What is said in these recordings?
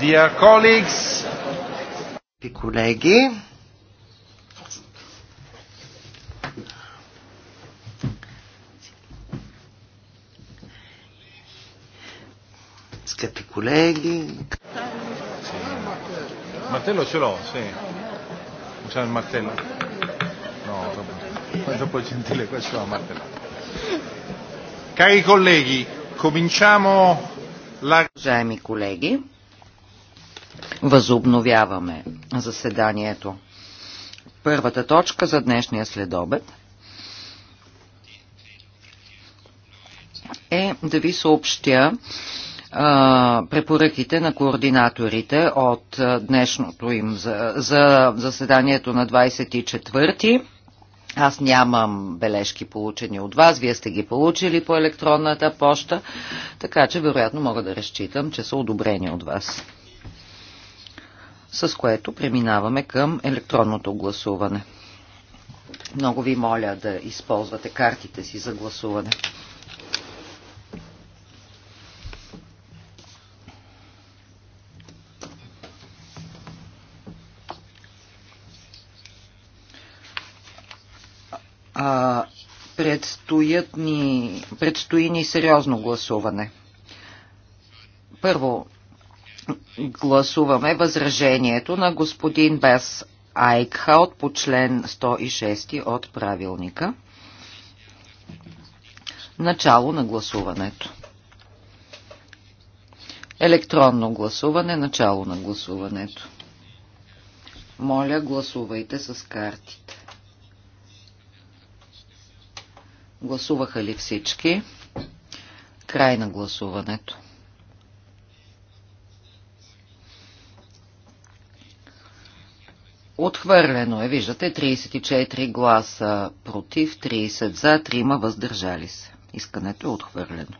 Dear colleagues, и колеги, скъпи колеги. Martello ce l'ho, sì. C'è il martello? No, dopo, dopo il gentile qua ce l'ho il martello. Cari colleghi, cominciamo la... Уважаеми колеги, Възобновяваме заседанието. Първата точка за днешния следобед е да ви съобщя а, препоръките на координаторите от днешното им за, за заседанието на 24 аз нямам бележки получени от вас, вие сте ги получили по електронната поща, така че вероятно мога да разчитам, че са одобрени от вас с което преминаваме към електронното гласуване. Много ви моля да използвате картите си за гласуване. А, предстоят ни, предстои ни сериозно гласуване. Първо, гласуваме възражението на господин Бес Айкхаут по член 106 от правилника. Начало на гласуването. Електронно гласуване, начало на гласуването. Моля, гласувайте с картите. Гласуваха ли всички? Край на гласуването. Отхвърлено е, виждате, 34 гласа против, 30 за, 3 въздържали се. Искането е отхвърлено.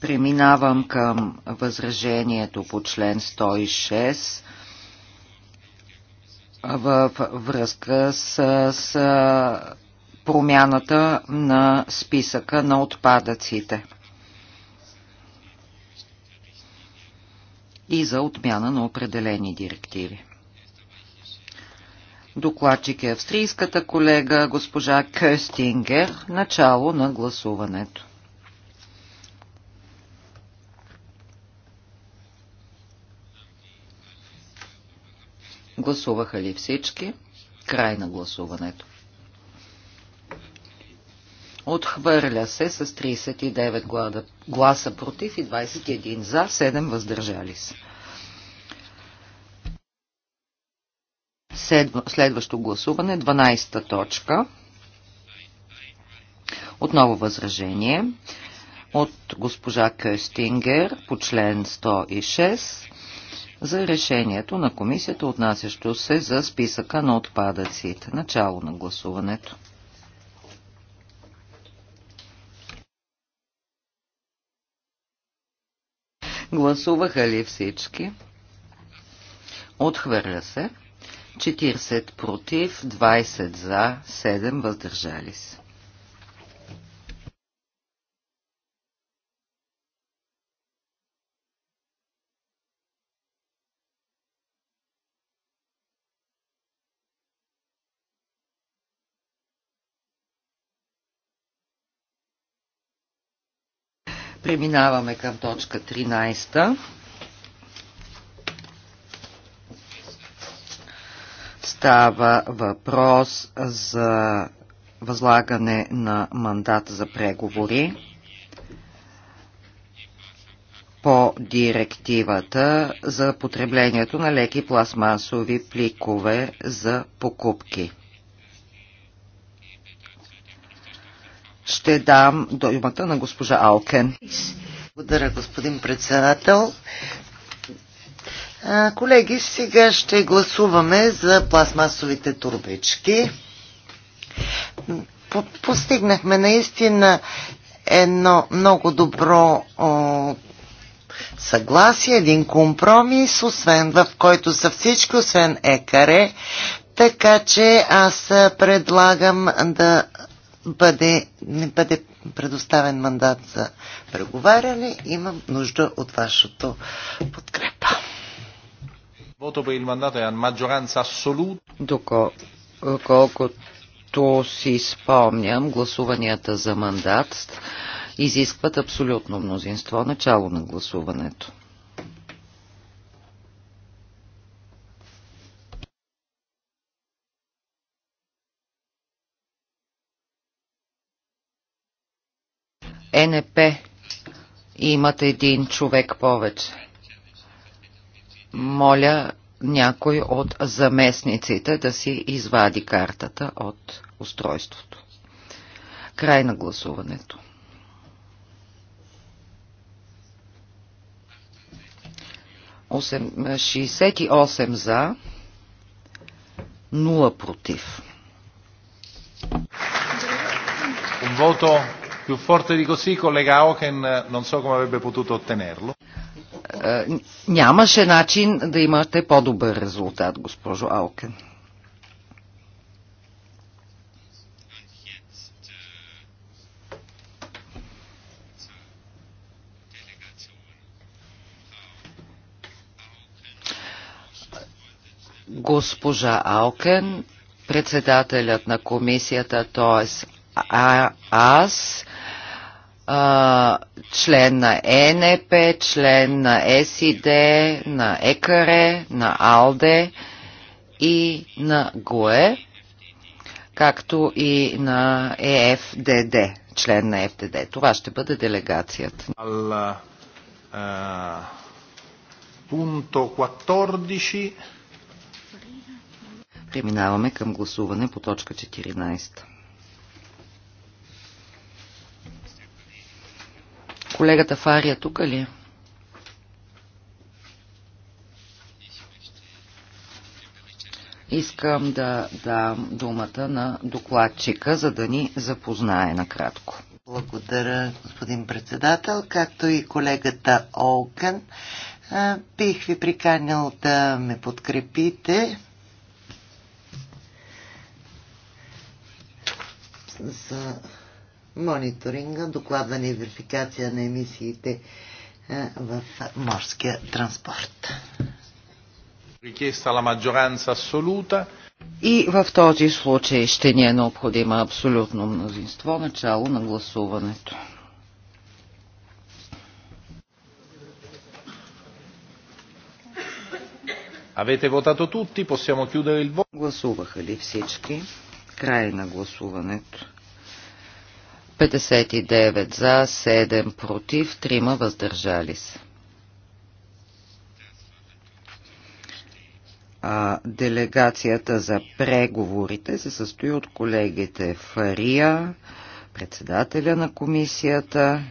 Преминавам към възражението по член 106 в връзка с, с промяната на списъка на отпадъците. и за отмяна на определени директиви. Докладчик е австрийската колега госпожа Кюстингер. Начало на гласуването. Гласуваха ли всички? Край на гласуването. Отхвърля се с 39 гласа против и 21 за, 7 въздържали се. Следващо гласуване, 12-та точка. Отново възражение от госпожа Кюстингер по член 106 за решението на комисията, отнасящо се за списъка на отпадъците. Начало на гласуването. Гласуваха ли всички? Отхвърля се. 40 против, 20 за, 7 въздържали се. Преминаваме към точка 13. Става въпрос за възлагане на мандат за преговори по директивата за потреблението на леки пластмасови пликове за покупки. ще дам думата на госпожа Алкен. Благодаря, господин председател. Колеги, сега ще гласуваме за пластмасовите турбички. постигнахме наистина едно много добро съгласие, един компромис, освен в който са всички, освен екаре. Така че аз предлагам да бъде, не бъде предоставен мандат за преговаряне, имам нужда от вашето подкрепа. Доколкото си спомням, гласуванията за мандат изискват абсолютно мнозинство начало на гласуването. НП имат един човек повече. Моля някой от заместниците да си извади картата от устройството. Край на гласуването. Осем, 68 е, за, 0 против. voto Più forte di così, collega Auken, non so come avrebbe potuto ottenerlo. Е, нямаше начин да имате по-добър резултат, госпожо Алкен. госпожа Алкен, председателят на комисията, т.е. аз а, член на ЕНП, член на е СИД, на ЕКРЕ, на АЛДЕ и на ГОЕ, както и на ЕФДД, член на е ФДД. Това ще бъде делегацията. Al, uh, punto 14. Преминаваме към гласуване по точка 14. Колегата Фария тук ли е? Искам да дам думата на докладчика, за да ни запознае накратко. Благодаря, господин председател, както и колегата Олкън. Бих ви приканил да ме подкрепите за мониторинга, докладване и верификация на емисиите е, в морския транспорт. И в този случай ще ни е необходимо абсолютно мнозинство начало на гласуването. Avete votato tutti, possiamo chiudere il voto. Гласуваха ли всички? Край на гласуването. 59 за, 7 против, 3 въздържали се. А, делегацията за преговорите се състои от колегите Фария, председателя на комисията,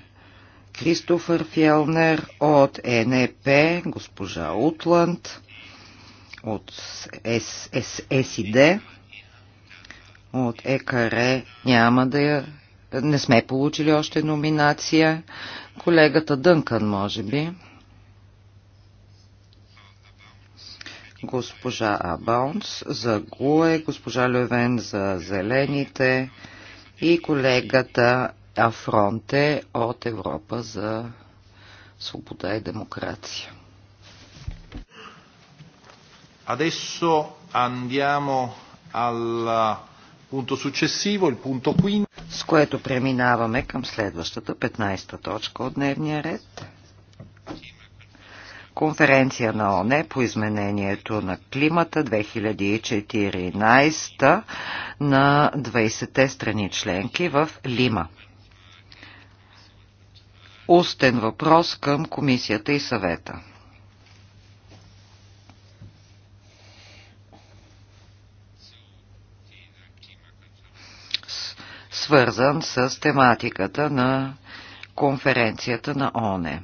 Кристофър Фелнер от НЕП, госпожа Утланд от ССД, от ЕКР е няма да я не сме получили още номинация. Колегата Дънкан, може би. Госпожа Абаунс за ГУЕ, госпожа Левен за Зелените и колегата Афронте от Европа за свобода и демокрация. Adesso andiamo al punto successivo, il punto 15 което преминаваме към следващата 15-та точка от дневния ред. Конференция на ОНЕ по изменението на климата 2014 на 20-те страни членки в Лима. Устен въпрос към комисията и съвета. свързан с тематиката на конференцията на ОНЕ.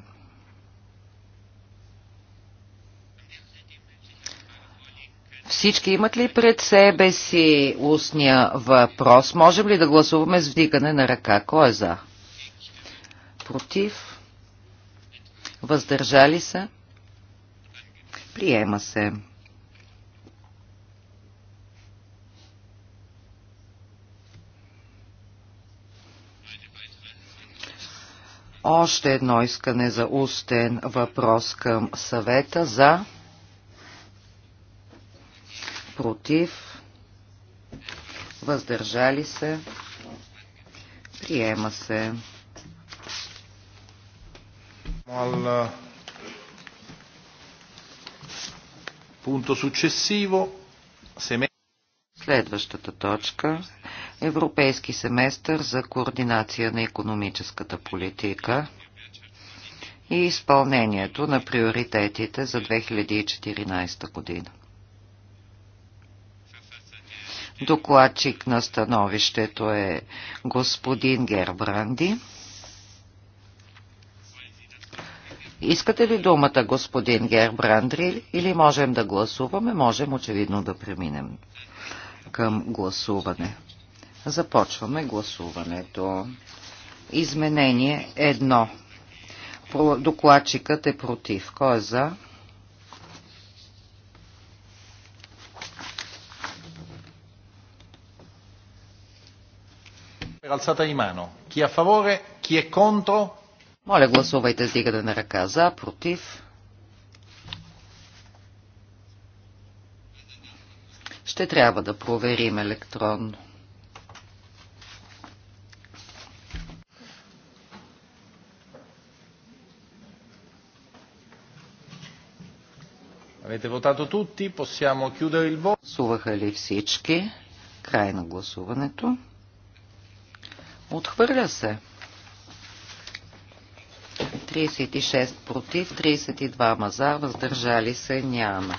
Всички имат ли пред себе си устния въпрос? Можем ли да гласуваме с вдигане на ръка? Кой е за? Против? Въздържали се? Приема се. Още едно искане за устен въпрос към съвета за против въздържали се приема се Мала... punto successivo Следващата точка Европейски семестър за координация на економическата политика и изпълнението на приоритетите за 2014 година. Докладчик на становището е господин Гербранди. Искате ли думата, господин Гербранди или можем да гласуваме? Можем очевидно да преминем към гласуване. Започваме гласуването. Изменение 1. Докладчикът е против. Кой е за? Алцата di mano. Chi è a favore, chi Моля, гласувайте с дигане на ръка за, против. Ще трябва да проверим електронно. Avete votato tutti? Possiamo chiudere il voto. Гласуваха ли всички? Край на гласуването. Отхвърля се. 36 против, 32 за, въздържали се няма.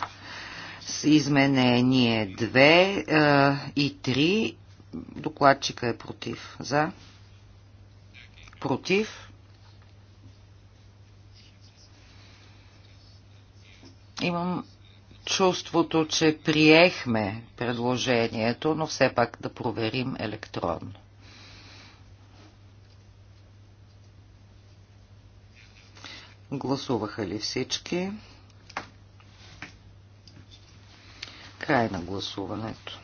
С изменение 2 е, и 3 докладчика е против. За? Против? Имам чувството, че приехме предложението, но все пак да проверим електронно. Гласуваха ли всички? Край на гласуването.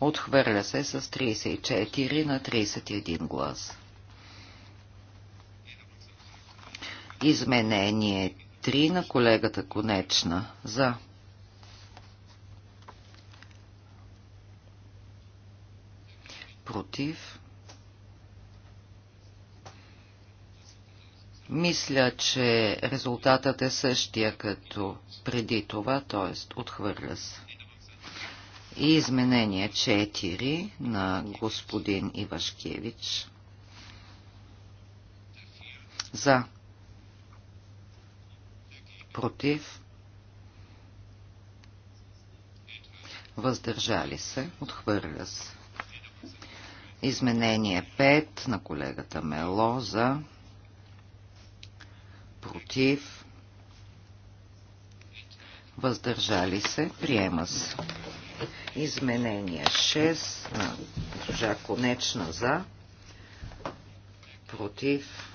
Отхвърля се с 34 на 31 гласа. Изменение 3 на колегата Конечна. За. Против. Мисля, че резултатът е същия като преди това, т.е. отхвърля се. И изменение 4 на господин Ивашкевич. За против, въздържали се, отхвърля се. Изменение 5 на колегата Мело за против, въздържали се, приема се. Изменение 6 на госпожа Конечна за против,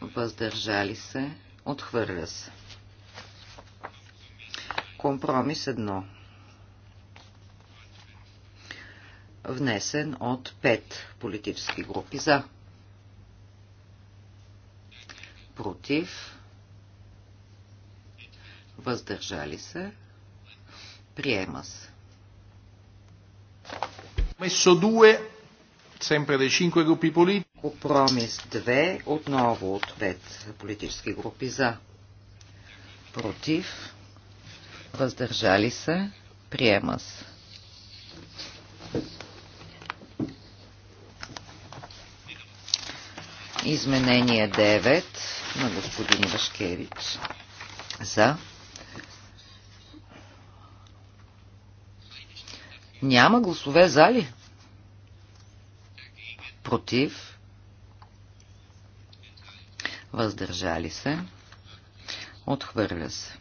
въздържали се, Отхвърля се. Компромис едно. Внесен от пет политически групи за. Против. Въздържали се. Приема се. Месо 2, sempre dei 5 gruppi politici. Компромис 2 отново от 5 политически групи за. Против. Въздържали се. Приема се. Изменение 9 на господин Вашкевич. За. Няма гласове за ли? Против въздържали се, отхвърля се.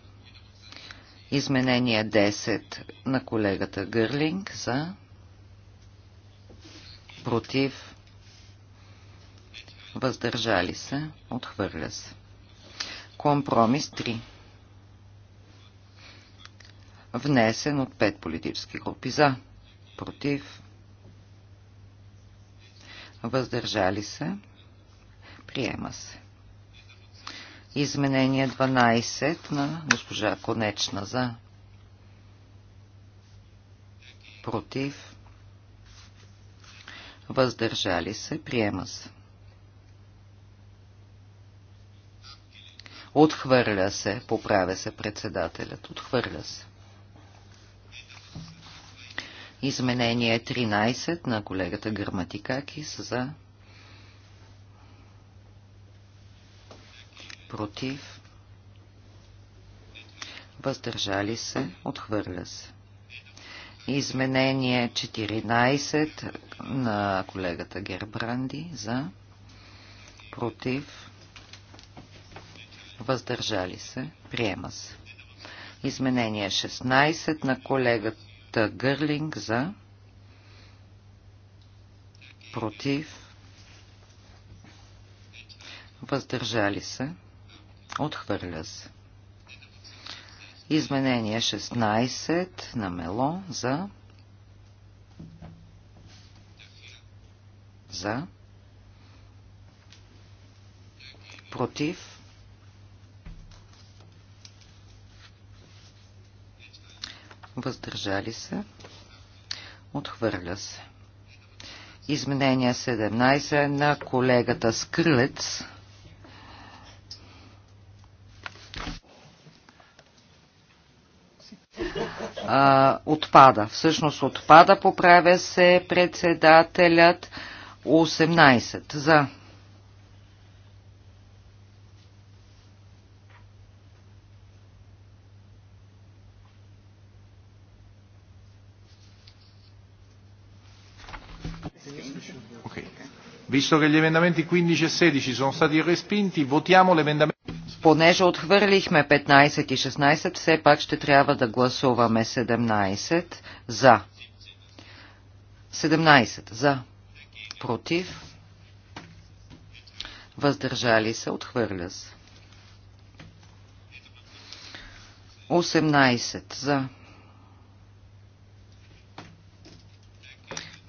Изменение 10 на колегата Гърлинг за против, въздържали се, отхвърля се. Компромис 3 внесен от пет политически групи за, против, въздържали се, приема се. Изменение 12 на госпожа Конечна за. Против. Въздържали се. Приема се. Отхвърля се. Поправя се председателят. Отхвърля се. Изменение 13 на колегата Граматикакис за. против, въздържали се, отхвърля се. Изменение 14 на колегата Гербранди за против, въздържали се, приема се. Изменение 16 на колегата Гърлинг за против, въздържали се, Отхвърля се. Изменение 16 на мело за за против въздържали се отхвърля се изменение 17 на колегата Скрилец а, отпада. Всъщност отпада, поправя се председателят 18 за. Visto che gli emendamenti 15 e 16 sono stati respinti, votiamo l'emendamento понеже отхвърлихме 15 и 16, все пак ще трябва да гласуваме 17 за. 17 за. Против. Въздържали се. Отхвърля се. 18 за.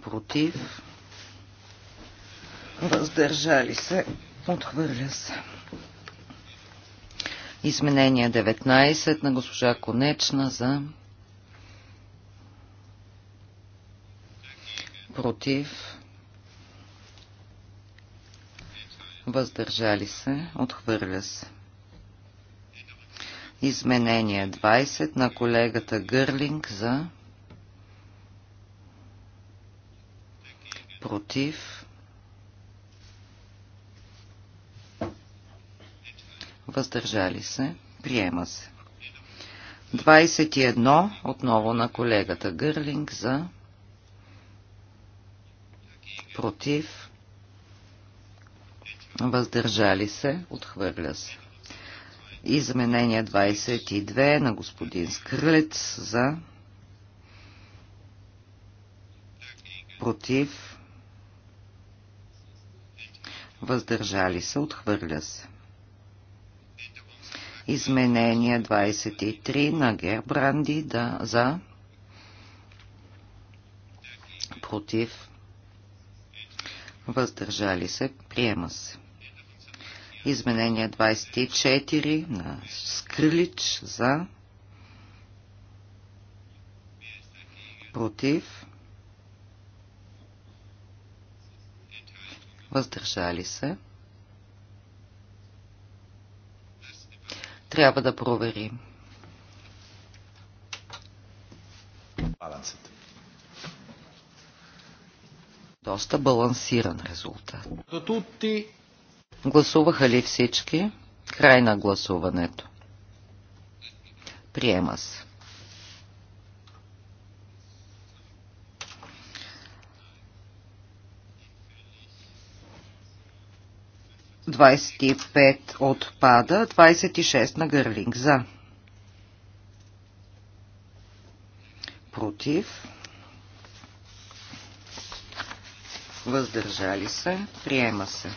Против. Въздържали се. Отхвърля се. Изменение 19 на госпожа Конечна за против въздържали се, отхвърля се. Изменение 20 на колегата Гърлинг за против въздържали се, приема се. 21, отново на колегата Гърлинг за против, въздържали се, отхвърля се. Изменение 22 на господин Скрълец за против, въздържали се, отхвърля се. Изменение 23 на Гербранди да, за против въздържали се, приема се. Изменение 24 на Скрилич за против въздържали се. трябва да проверим. Балансът. Доста балансиран резултат. Гласуваха ли всички? Край на гласуването. Приема се. 25 отпада, 26 на Гърлинг за. Против. Въздържали се. Приема се.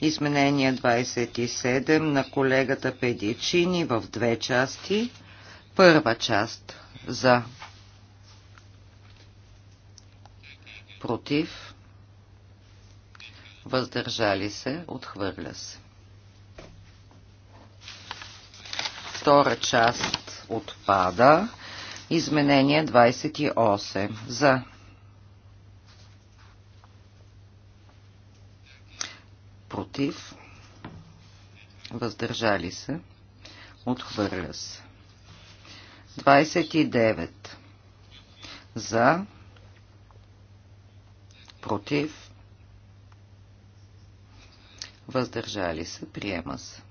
Изменение 27 на колегата Педичини в две части. Първа част за против въздържали се, отхвърля се. Втора част отпада. Изменение 28. За. Против. Въздържали се. Отхвърля се. 29. За. Против въздържали се, приема се.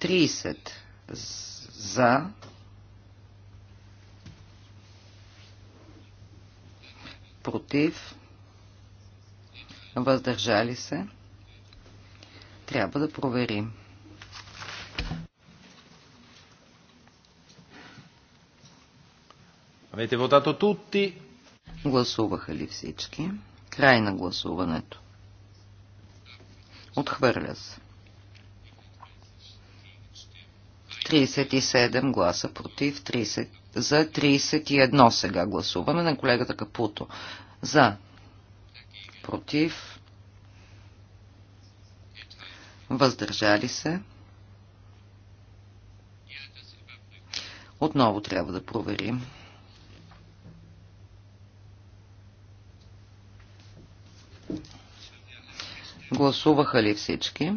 30 за, против, въздържали се. Трябва да проверим. Avete votato tutti? Гласуваха ли всички? Край на гласуването. Отхвърля се. 37 гласа против, 30, за 31 сега гласуваме на колегата Капуто. За, против, въздържали се. Отново трябва да проверим. Гласуваха ли всички?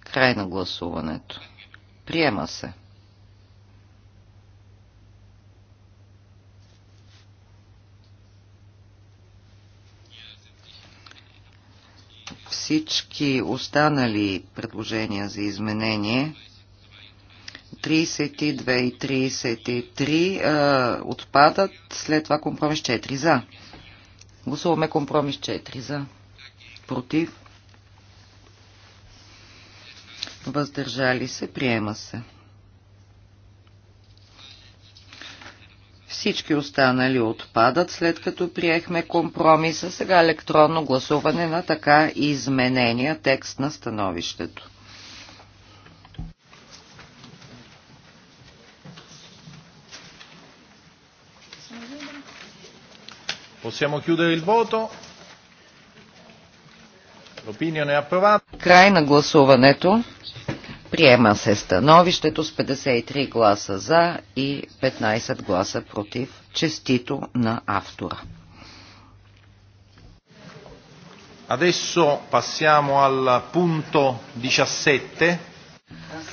Край на гласуването. Приема се. Всички останали предложения за изменение 32 и 33 отпадат, след това компромис 4 за. Гласуваме компромис 4 за против, въздържали се, приема се. Всички останали отпадат, след като приехме компромиса, сега електронно гласуване на така изменения текст на становището. Possiamo chiudere il voto. Е Край на гласуването. Приема се становището с 53 гласа за и 15 гласа против. Честито на автора. Adesso passiamo al punto 17.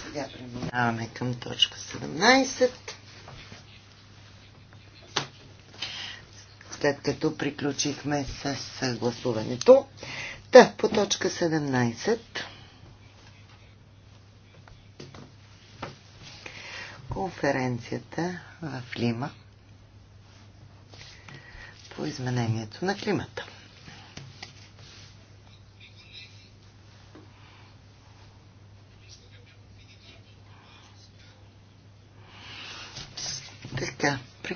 сега преминаваме към точка 17. След като приключихме с гласуването, да, по точка 17. Конференцията в Лима по изменението на климата.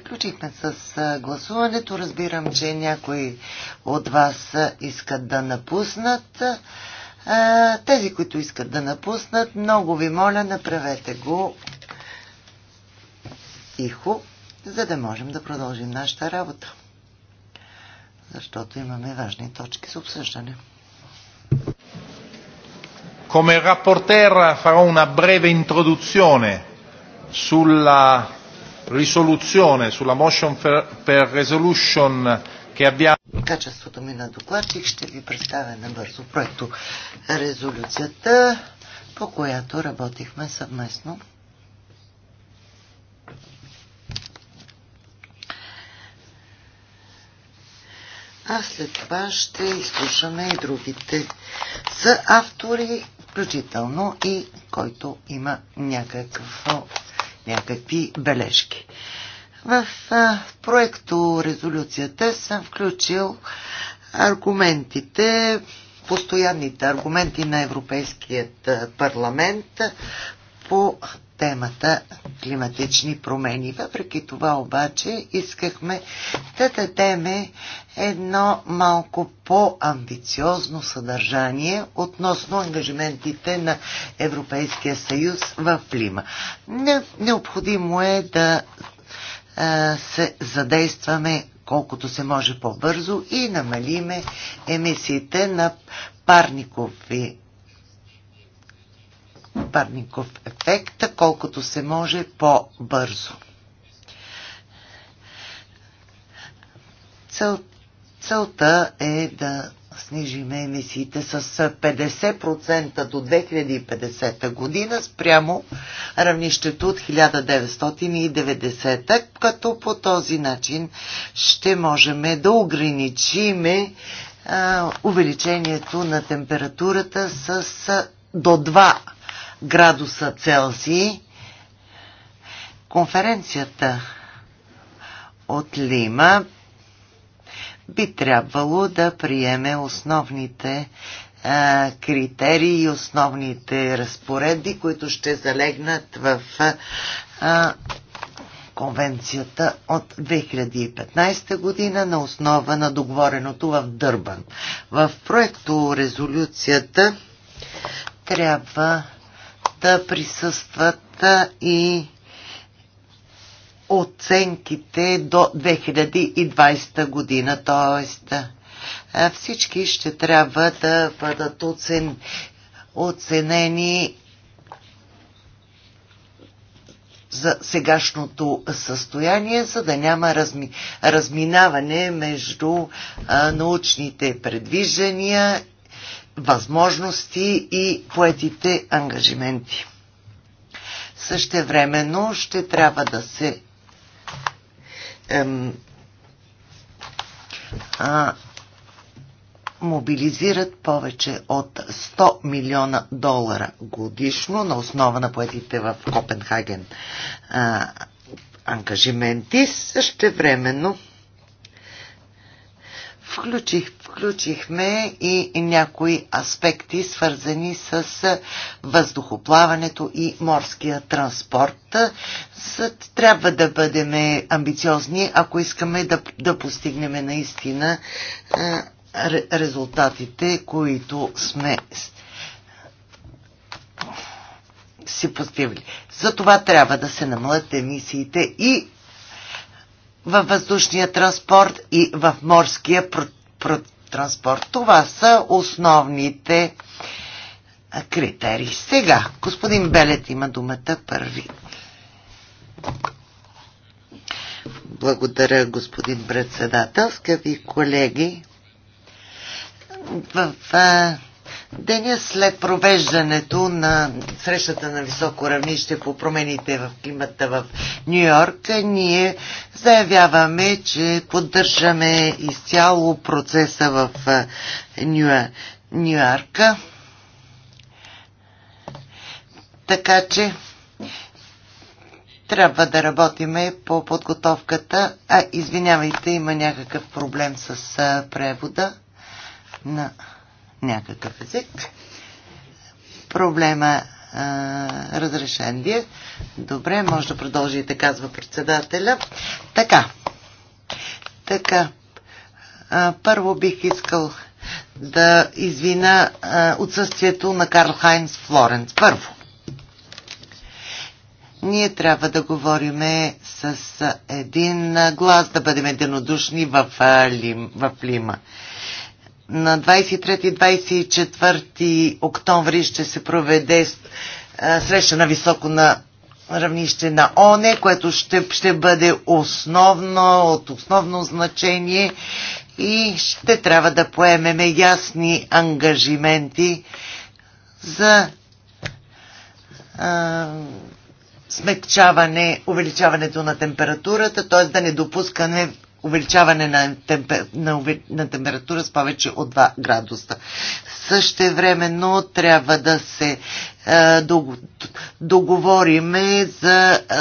Приключихме с гласуването. Разбирам, че някои от вас искат да напуснат. Тези, които искат да напуснат, много ви моля, направете го тихо, за да можем да продължим нашата работа. Защото имаме важни точки с обсъждане. Come rapporter farò una breve introduzione sulla risoluzione sulla motion per resolution che abbiamo... Качеството ми на докладчик ще ви представя набързо проекто резолюцията, по която работихме съвместно. А след това ще изслушаме и другите са автори, включително и който има някакво някакви бележки. В проекто резолюцията съм включил аргументите, постоянните аргументи на Европейският парламент по темата климатични промени. Въпреки това обаче искахме да дадем едно малко по-амбициозно съдържание относно ангажиментите на Европейския съюз в Лима. Необходимо е да се задействаме колкото се може по-бързо и намалиме емисиите на парникови парников ефект, колкото се може по-бързо. Цел, целта е да снижим емисиите с 50% до 2050 година спрямо равнището от 1990, като по този начин ще можем да ограничиме увеличението на температурата с до 2 градуса Целсий. Конференцията от Лима би трябвало да приеме основните а, критерии и основните разпоредби, които ще залегнат в а, конвенцията от 2015 година на основа на договореното в Дърбан. В проекто резолюцията трябва да присъстват и оценките до 2020 година, т.е. всички ще трябва да бъдат оцен... оценени за сегашното състояние, за да няма разми... разминаване между а, научните предвиждания възможности и поетите ангажименти. Същевременно ще трябва да се ем, а, мобилизират повече от 100 милиона долара годишно на основа на поетите в Копенхаген а, ангажименти. Същевременно Включих, включихме и някои аспекти, свързани с въздухоплаването и морския транспорт. Трябва да бъдем амбициозни, ако искаме да, да постигнем наистина е, резултатите, които сме си поставили. За това трябва да се намалят емисиите и във въздушния транспорт и в морския транспорт. Това са основните критерии. Сега, господин Белет има думата първи. Благодаря, господин председател. Скъпи колеги, в в Деня след провеждането на срещата на високо равнище по промените в климата в Нью Йорк, ние заявяваме, че поддържаме изцяло процеса в Нью Йорк. Така че трябва да работиме по подготовката. А, извинявайте, има някакъв проблем с превода на някакъв език. Проблема а, разрешен вие. Добре, може да продължите, казва председателя. Така. Така. А, първо бих искал да извина а, отсъствието на Карл Хайнс Флоренц. Първо. Ние трябва да говориме с един глас, да бъдем единодушни в, а, Лим, в Лима. На 23-24 октомври ще се проведе среща на високо на равнище на ОНЕ, което ще, ще бъде основно, от основно значение и ще трябва да поемеме ясни ангажименти за а, смекчаване, увеличаването на температурата, т.е. да не допускане увеличаване на, темпер... на, на температура с повече от 2 градуса. времено трябва да се е, договориме за е, е,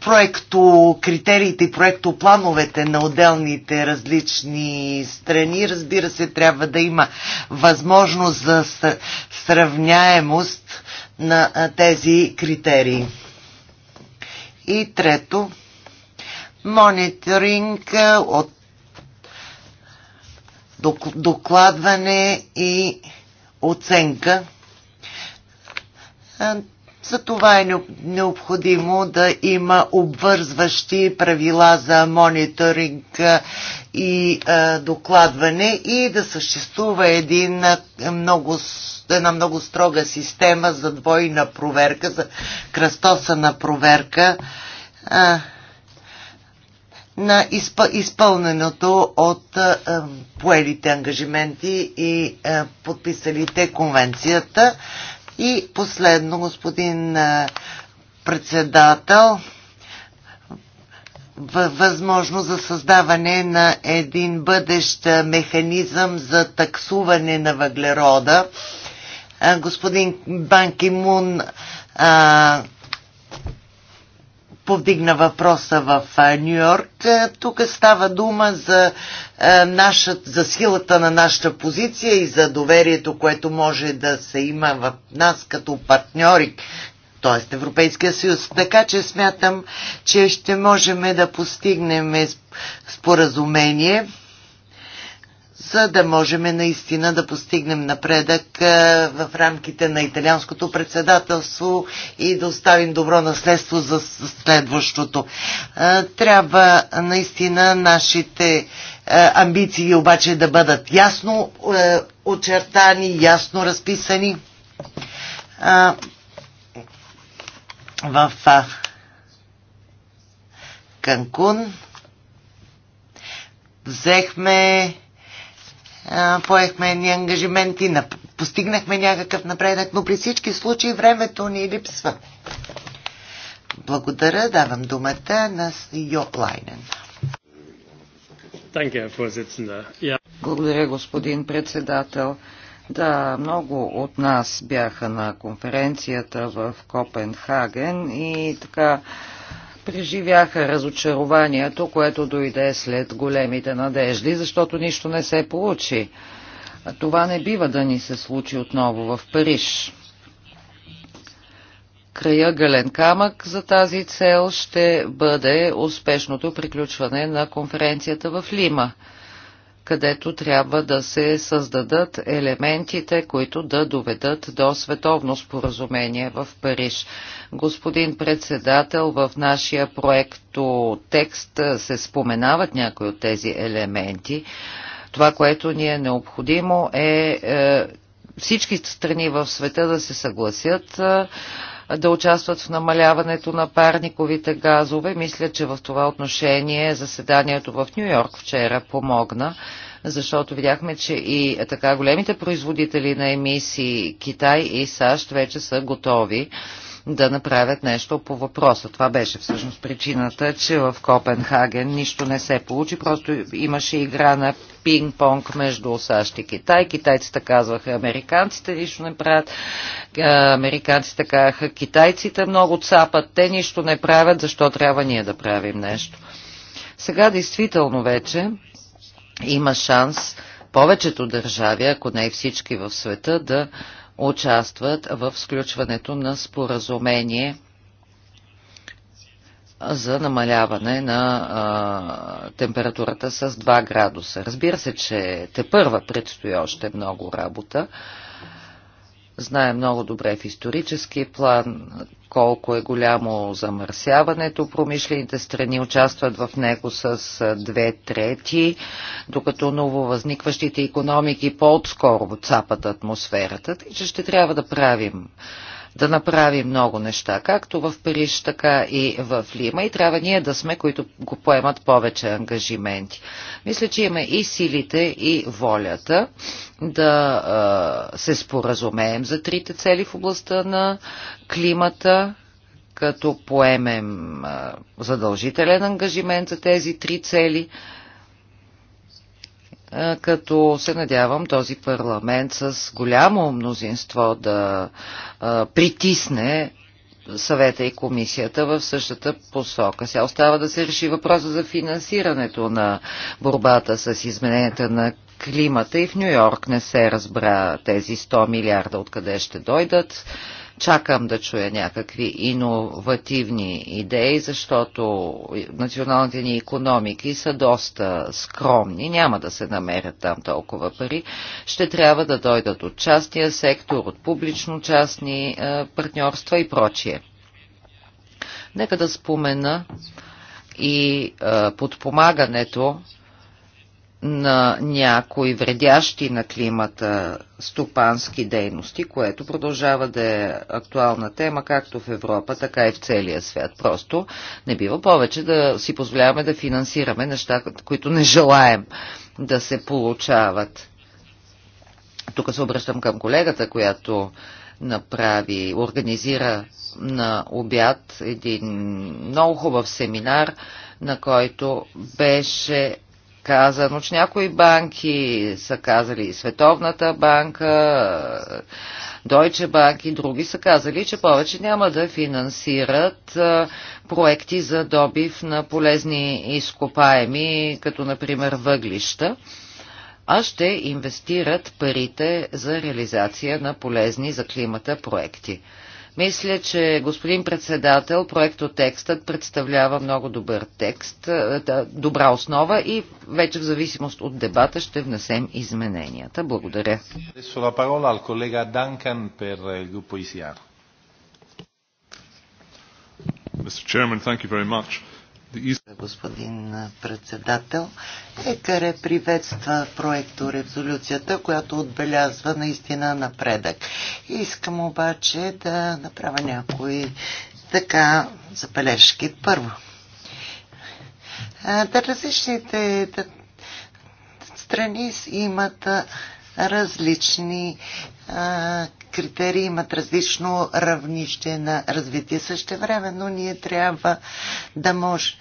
проекто критериите и проекто плановете на отделните различни страни. Разбира се, трябва да има възможност за сравняемост на е, тези критерии. И трето, мониторинг е, от докладване и оценка. Е, за това е необходимо да има обвързващи правила за мониторинг е, и докладване и да съществува един много, една много строга система за двойна проверка, за на проверка на изпълненото от е, е, поелите ангажименти и е, подписалите конвенцията. И последно, господин председател, възможно за създаване на един бъдещ механизъм за таксуване на въглерода. Господин Банки Мун а, повдигна въпроса в Нью Йорк. Тук става дума за, наша, за силата на нашата позиция и за доверието, което може да се има в нас като партньори, т.е. Европейския съюз. Така че смятам, че ще можем да постигнем споразумение за да можем наистина да постигнем напредък в рамките на италианското председателство и да оставим добро наследство за следващото. Трябва наистина нашите амбиции обаче да бъдат ясно очертани, ясно разписани в Канкун. Взехме поехме ни ангажименти, постигнахме някакъв напредък, но при всички случаи времето ни липсва. Благодаря, давам думата на Йо Лайнен. Благодаря, господин председател. Да, много от нас бяха на конференцията в Копенхаген и така преживяха разочарованието, което дойде след големите надежди, защото нищо не се получи. Това не бива да ни се случи отново в Париж. Края гален камък за тази цел ще бъде успешното приключване на конференцията в Лима – където трябва да се създадат елементите, които да доведат до световно споразумение в Париж. Господин председател, в нашия проекто текст се споменават някои от тези елементи. Това, което ни е необходимо е, е всички страни в света да се съгласят е, да участват в намаляването на парниковите газове. Мисля, че в това отношение заседанието в Нью Йорк вчера помогна, защото видяхме, че и така големите производители на емисии Китай и САЩ вече са готови да направят нещо по въпроса. Това беше всъщност причината, че в Копенхаген нищо не се получи, просто имаше игра на пинг-понг между САЩ и Китай. Китайците казваха американците нищо не правят, е, американците казаха китайците много цапат, те нищо не правят, защо трябва ние да правим нещо. Сега действително вече има шанс повечето държави, ако не и всички в света, да участват в сключването на споразумение за намаляване на а, температурата с 2 градуса. Разбира се, че те първа предстои още много работа. А, Знае много добре в исторически план колко е голямо замърсяването. Промишлените страни участват в него с две трети, докато нововъзникващите економики по-отскоро цапат атмосферата. Тъй, че ще трябва да правим да направи много неща, както в Париж, така и в Лима и трябва ние да сме, които го поемат повече ангажименти. Мисля, че има и силите, и волята да се споразумеем за трите цели в областта на климата, като поемем задължителен ангажимент за тези три цели – е, като се надявам този парламент с голямо мнозинство да е, притисне съвета и комисията в същата посока. Сега остава да се реши въпроса за финансирането на борбата с измененията на климата и в Нью Йорк не се разбра тези 100 милиарда откъде ще дойдат. Чакам да чуя някакви иновативни идеи, защото националните ни економики са доста скромни, няма да се намерят там толкова пари. Ще трябва да дойдат от частния сектор, от публично-частни е, партньорства и прочие. Нека да спомена и е, подпомагането на някои вредящи на климата стопански дейности, което продължава да е актуална тема както в Европа, така и в целия свят. Просто не бива повече да си позволяваме да финансираме неща, които не желаем да се получават. Тук се обръщам към колегата, която направи, организира на обяд един много хубав семинар, на който беше казано, че някои банки са казали и Световната банка, Deutsche Bank и други са казали, че повече няма да финансират проекти за добив на полезни изкопаеми, като например въглища, а ще инвестират парите за реализация на полезни за климата проекти. Мисля, че господин председател, проектотекстът представлява много добър текст, е, добра основа и вече в зависимост от дебата ще внесем измененията. Благодаря. Mr. E Chairman, thank you very much. Господин председател, ЕКАРЕ приветства проекто резолюцията, която отбелязва наистина напредък. Искам обаче да направя някои така забележки. Първо, да различните да, страни имат различни а, критерии имат различно равнище на развитие. Също време, но ние трябва да, мож,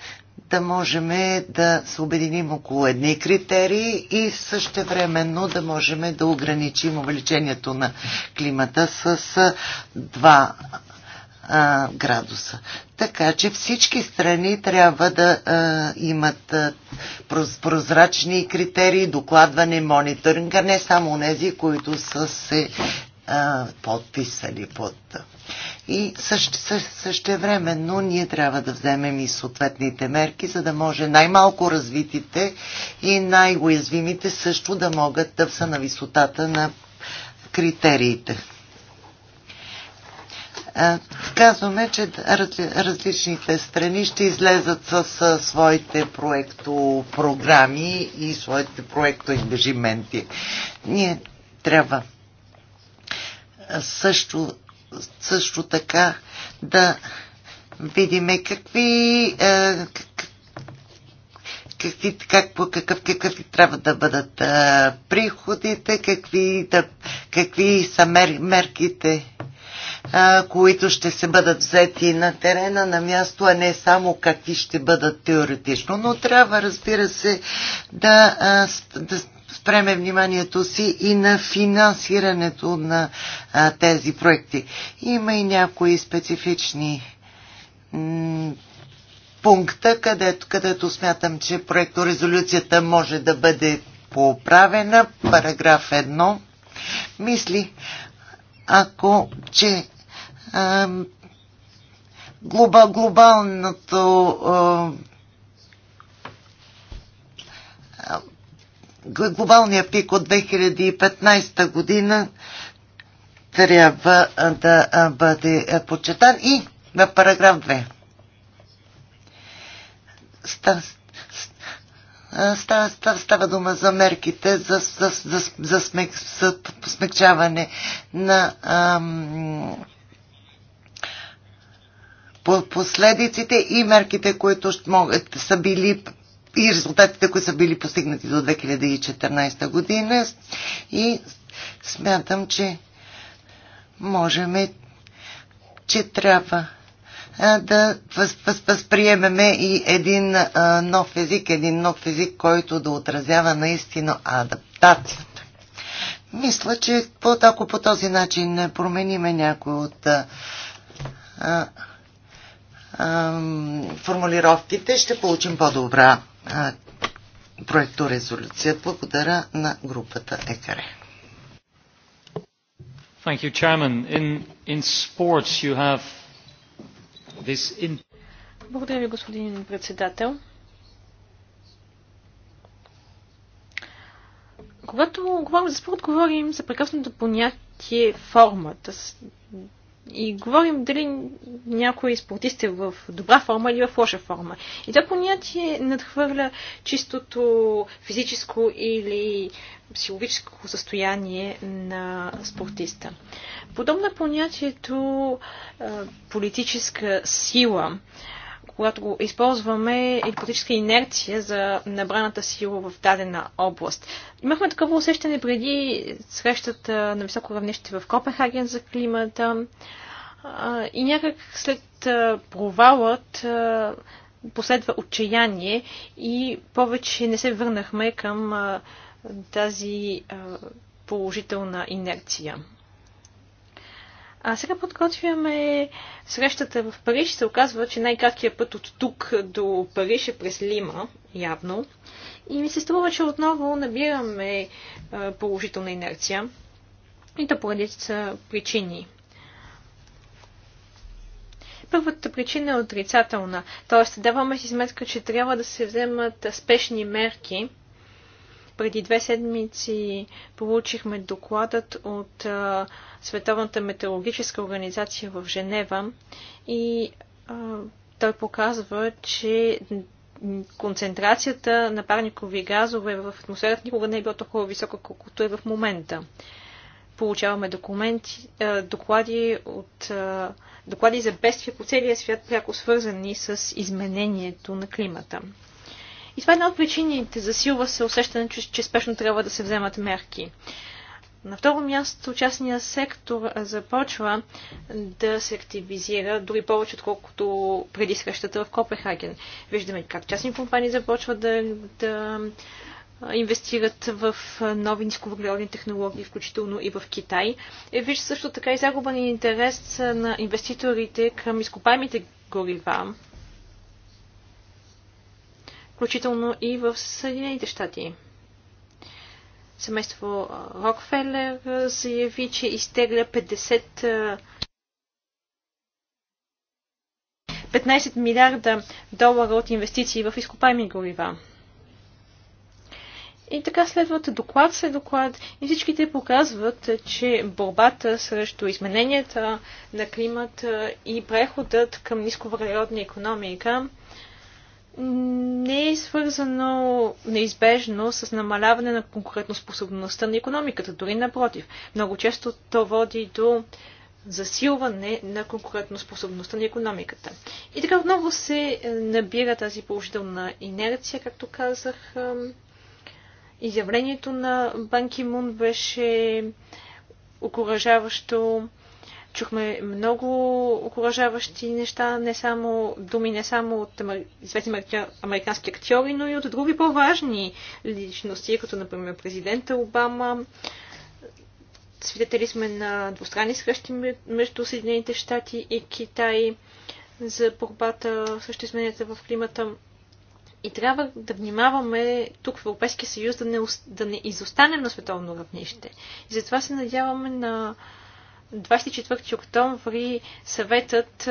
да можем да се обединим около едни критерии и също но да можем да ограничим увеличението на климата с два а, градуса. Така че всички страни трябва да а, имат а, прозрачни критерии, докладване, мониторинга, не само тези, които са се подписали под. И също, същевременно ние трябва да вземем и съответните мерки, за да може най-малко развитите и най-уязвимите също да могат да са на висотата на критериите. Казваме, че различните страни ще излезат с своите проектопрограми и своите проектоингажименти. Ние трябва също, също така да видиме какви, е, какви, как, какъв, какъв трябва да бъдат а, е, приходите, какви, да, какви са мер, мерките, а, е, които ще се бъдат взети на терена, на място, а не само какви ще бъдат теоретично. Но трябва, разбира се, да, а, да, спреме вниманието си и на финансирането на а, тези проекти. Има и някои специфични пункта, където, където смятам, че проекторезолюцията може да бъде поправена. Параграф 1. Мисли, ако, че а, глоба, глобалното глобалния пик от 2015 година трябва да бъде почетан и на параграф 2. Става, става, става, става дума за мерките за, за, за, за, смек, за смекчаване на ам, последиците и мерките, които могат, са били и резултатите, които са били постигнати до 2014 година. И смятам, че можем, че трябва да възприемеме и един нов език, един нов език, който да отразява наистина адаптацията. Мисля, че ако по този начин промениме някои от а, а, формулировките, ще получим по-добра проекто резолюция. Благодаря на групата ЕКАРЕ. Thank you, Chairman. In, in sports you have this in... Благодаря ви, господин председател. Когато говорим за спорт, говорим за прекъснато понятие формата и говорим дали някой спортист е в добра форма или в лоша форма. И това понятие надхвърля чистото физическо или психологическо състояние на спортиста. Подобно понятието политическа сила когато го използваме, или е политическа инерция за набраната сила в дадена област. Имахме такова усещане преди срещата на високо равнище в Копенхаген за климата и някак след провалът последва отчаяние и повече не се върнахме към тази положителна инерция. А сега подготвяме срещата в Париж. Се оказва, че най-краткият път от тук до Париж е през Лима, явно. И ми се струва, че отново набираме положителна инерция. И то поради са причини. Първата причина е отрицателна. Тоест, даваме си сметка, че трябва да се вземат спешни мерки, преди две седмици получихме докладът от Световната метеорологическа организация в Женева и той показва, че концентрацията на парникови газове в атмосферата никога не е била толкова висока, колкото е в момента. Получаваме документи, доклади, от, доклади за бедствия по целия свят, пряко свързани с изменението на климата. И това е една от причините. Засилва се усещане, че, че спешно трябва да се вземат мерки. На второ място, частния сектор започва да се активизира дори повече, отколкото преди срещата в Копенхаген. Виждаме как частни компании започват да, да инвестират в нови нисковъглеродни технологии, включително и в Китай. Е, вижда също така и загуба на интерес на инвеститорите към изкопаемите горива, включително и в Съединените щати. Семейство Рокфелер заяви, че изтегля 50 15 милиарда долара от инвестиции в изкопаеми горива. И така следват доклад след доклад и всичките показват, че борбата срещу измененията на климата и преходът към нисковъглеродна економика не е свързано неизбежно с намаляване на конкурентоспособността на економиката, дори напротив. Много често то води до засилване на конкурентоспособността на економиката. И така отново се е, набира тази положителна инерция, както казах. Е, изявлението на Банки Мун беше окоръжаващо Чухме много окоръжаващи неща, не само думи, не само от известни американски актьори, но и от други по-важни личности, като например президента Обама. Свидетели сме на двустранни срещи между Съединените щати и Китай за борбата срещу измененията в климата. И трябва да внимаваме тук в Европейския съюз да не, да не изостанем на световно равнище. И затова се надяваме на 24 октомври съветът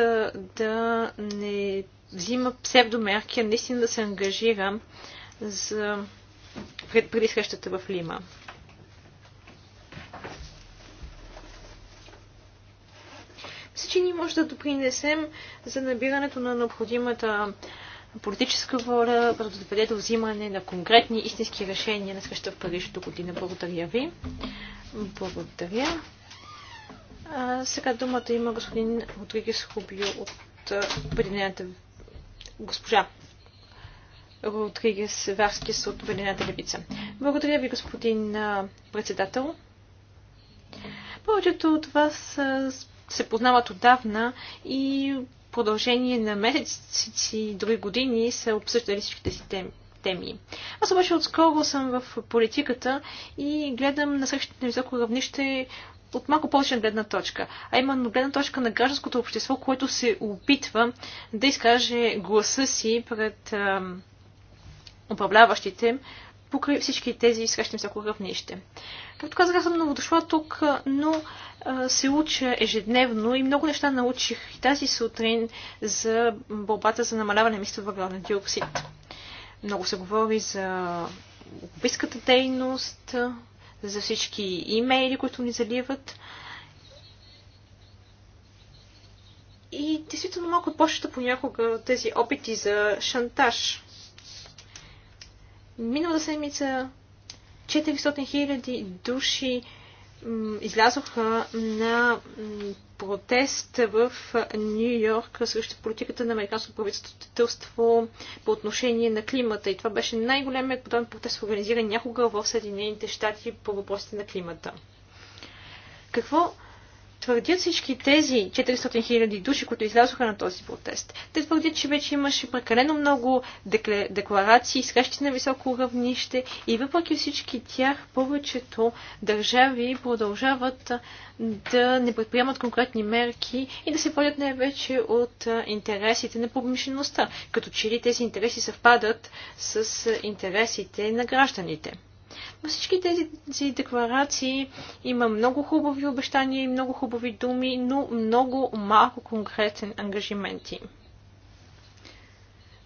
да не взима псевдомерки, а наистина да се ангажира за пред, преди срещата в Лима. Мисля, че ние може да допринесем за набирането на необходимата политическа воля, която да доведе до взимане на конкретни истински решения на среща в Париж до година. Благодаря ви. Благодаря. А, сега думата има господин Родригес Хубио от Обединената госпожа Родригес Варскис от Обединената левица. Благодаря ви, господин председател. Повечето от вас се познават отдавна и продължение на месеци, други години са обсъждали всичките си теми теми. Аз обаче отскоро съм в политиката и гледам на същите високо равнище от малко повече гледна точка, а именно гледна точка на гражданското общество, което се опитва да изкаже гласа си пред а, управляващите покрай всички тези срещни всяко равнище. Както казах, съм много дошла тук, но а, се уча ежедневно и много неща научих и тази сутрин за борбата за намаляване мисля въглероден диоксид. Много се говори за лобистката дейност, за всички имейли, които ни заливат. И действително малко почта понякога тези опити за шантаж. Миналата седмица 400 000 души излязоха на протест в Нью Йорк срещу политиката на американското правителство по отношение на климата. И това беше най-големият подобен протест, организиран някога в Съединените щати по въпросите на климата. Какво твърдят всички тези 400 000 души, които излязоха на този протест? Те твърдят, че вече имаше прекалено много декларации, срещи на високо равнище и въпреки всички тях, повечето държави продължават да не предприемат конкретни мерки и да се водят най-вече от интересите на промишлеността, като че ли тези интереси съвпадат с интересите на гражданите. Във всички тези, тези декларации има много хубави обещания и много хубави думи, но много малко конкретен ангажименти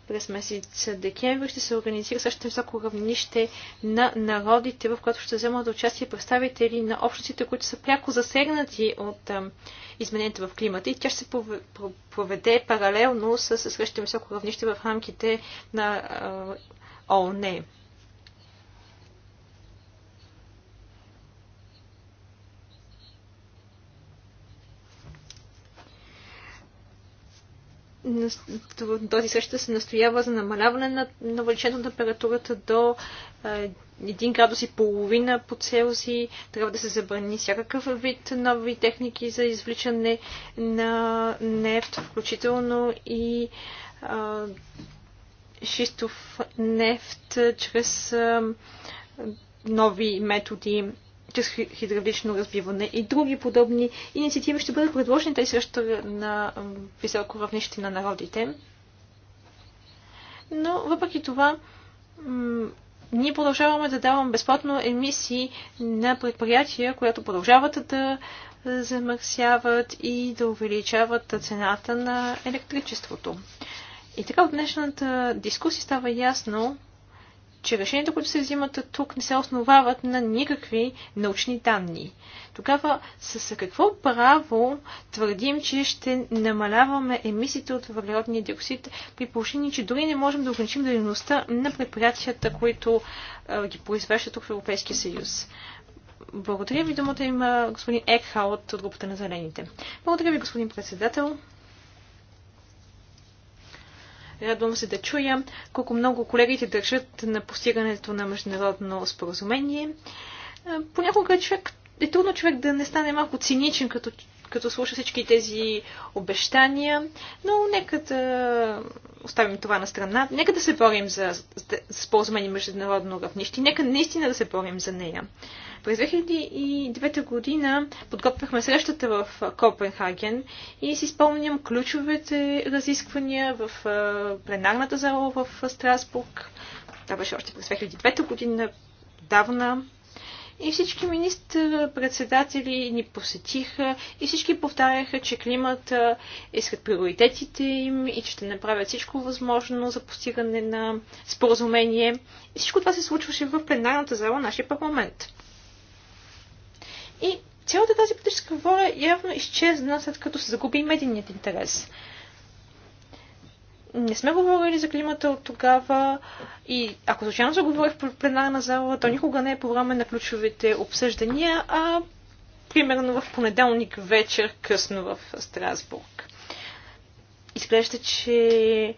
през месец декември ще се организира също високо равнище на народите, в което ще вземат участие представители на общностите, които са пряко засегнати от измененията в климата и тя ще се проведе паралелно с срещата високо равнище в рамките на ООН. този среща се настоява за намаляване на навеличението на температурата до 1 градус и половина по Целзий. Трябва да се забрани всякакъв вид нови техники за извличане на нефт, включително и а, шистов нефт чрез нови методи чрез хидравлично разбиване и други подобни инициативи ще бъдат предложени тези срещу на високо равнище на народите. Но въпреки това, ние продължаваме да даваме безплатно емисии на предприятия, които продължават да замърсяват и да увеличават цената на електричеството. И така от днешната дискусия става ясно, че решенията, които се взимат тук, не се основават на никакви научни данни. Тогава с какво право твърдим, че ще намаляваме емисиите от въглеродния диоксид при положение, че дори не можем да ограничим дейността на предприятията, които ги произвеждат тук в Европейския съюз? Благодаря ви, думата има господин Екхаут от групата на зелените. Благодаря ви, господин председател. Радвам се да чуя колко много колегите държат на постигането на международно споразумение. Понякога човек, е трудно човек да не стане малко циничен, като, като слуша всички тези обещания, но нека да оставим това на страна. Нека да се борим за, за споразумение международно равнище. Нека наистина да се борим за нея. През 2009 година подготвяхме срещата в Копенхаген и си спомням ключовете разисквания в пленарната зала в Страсбург. Това беше още през 2009 година, давна. И всички министър-председатели ни посетиха и всички повтаряха, че климата е сред приоритетите им и че ще направят всичко възможно за постигане на споразумение. И всичко това се случваше в пленарната зала на нашия парламент. И цялата тази политическа воля явно изчезна, след като се загуби и медийният интерес. Не сме говорили за климата от тогава и ако случайно се говори в пленарна зала, то никога не е по време на ключовите обсъждания, а примерно в понеделник вечер, късно в Страсбург. Изглежда, че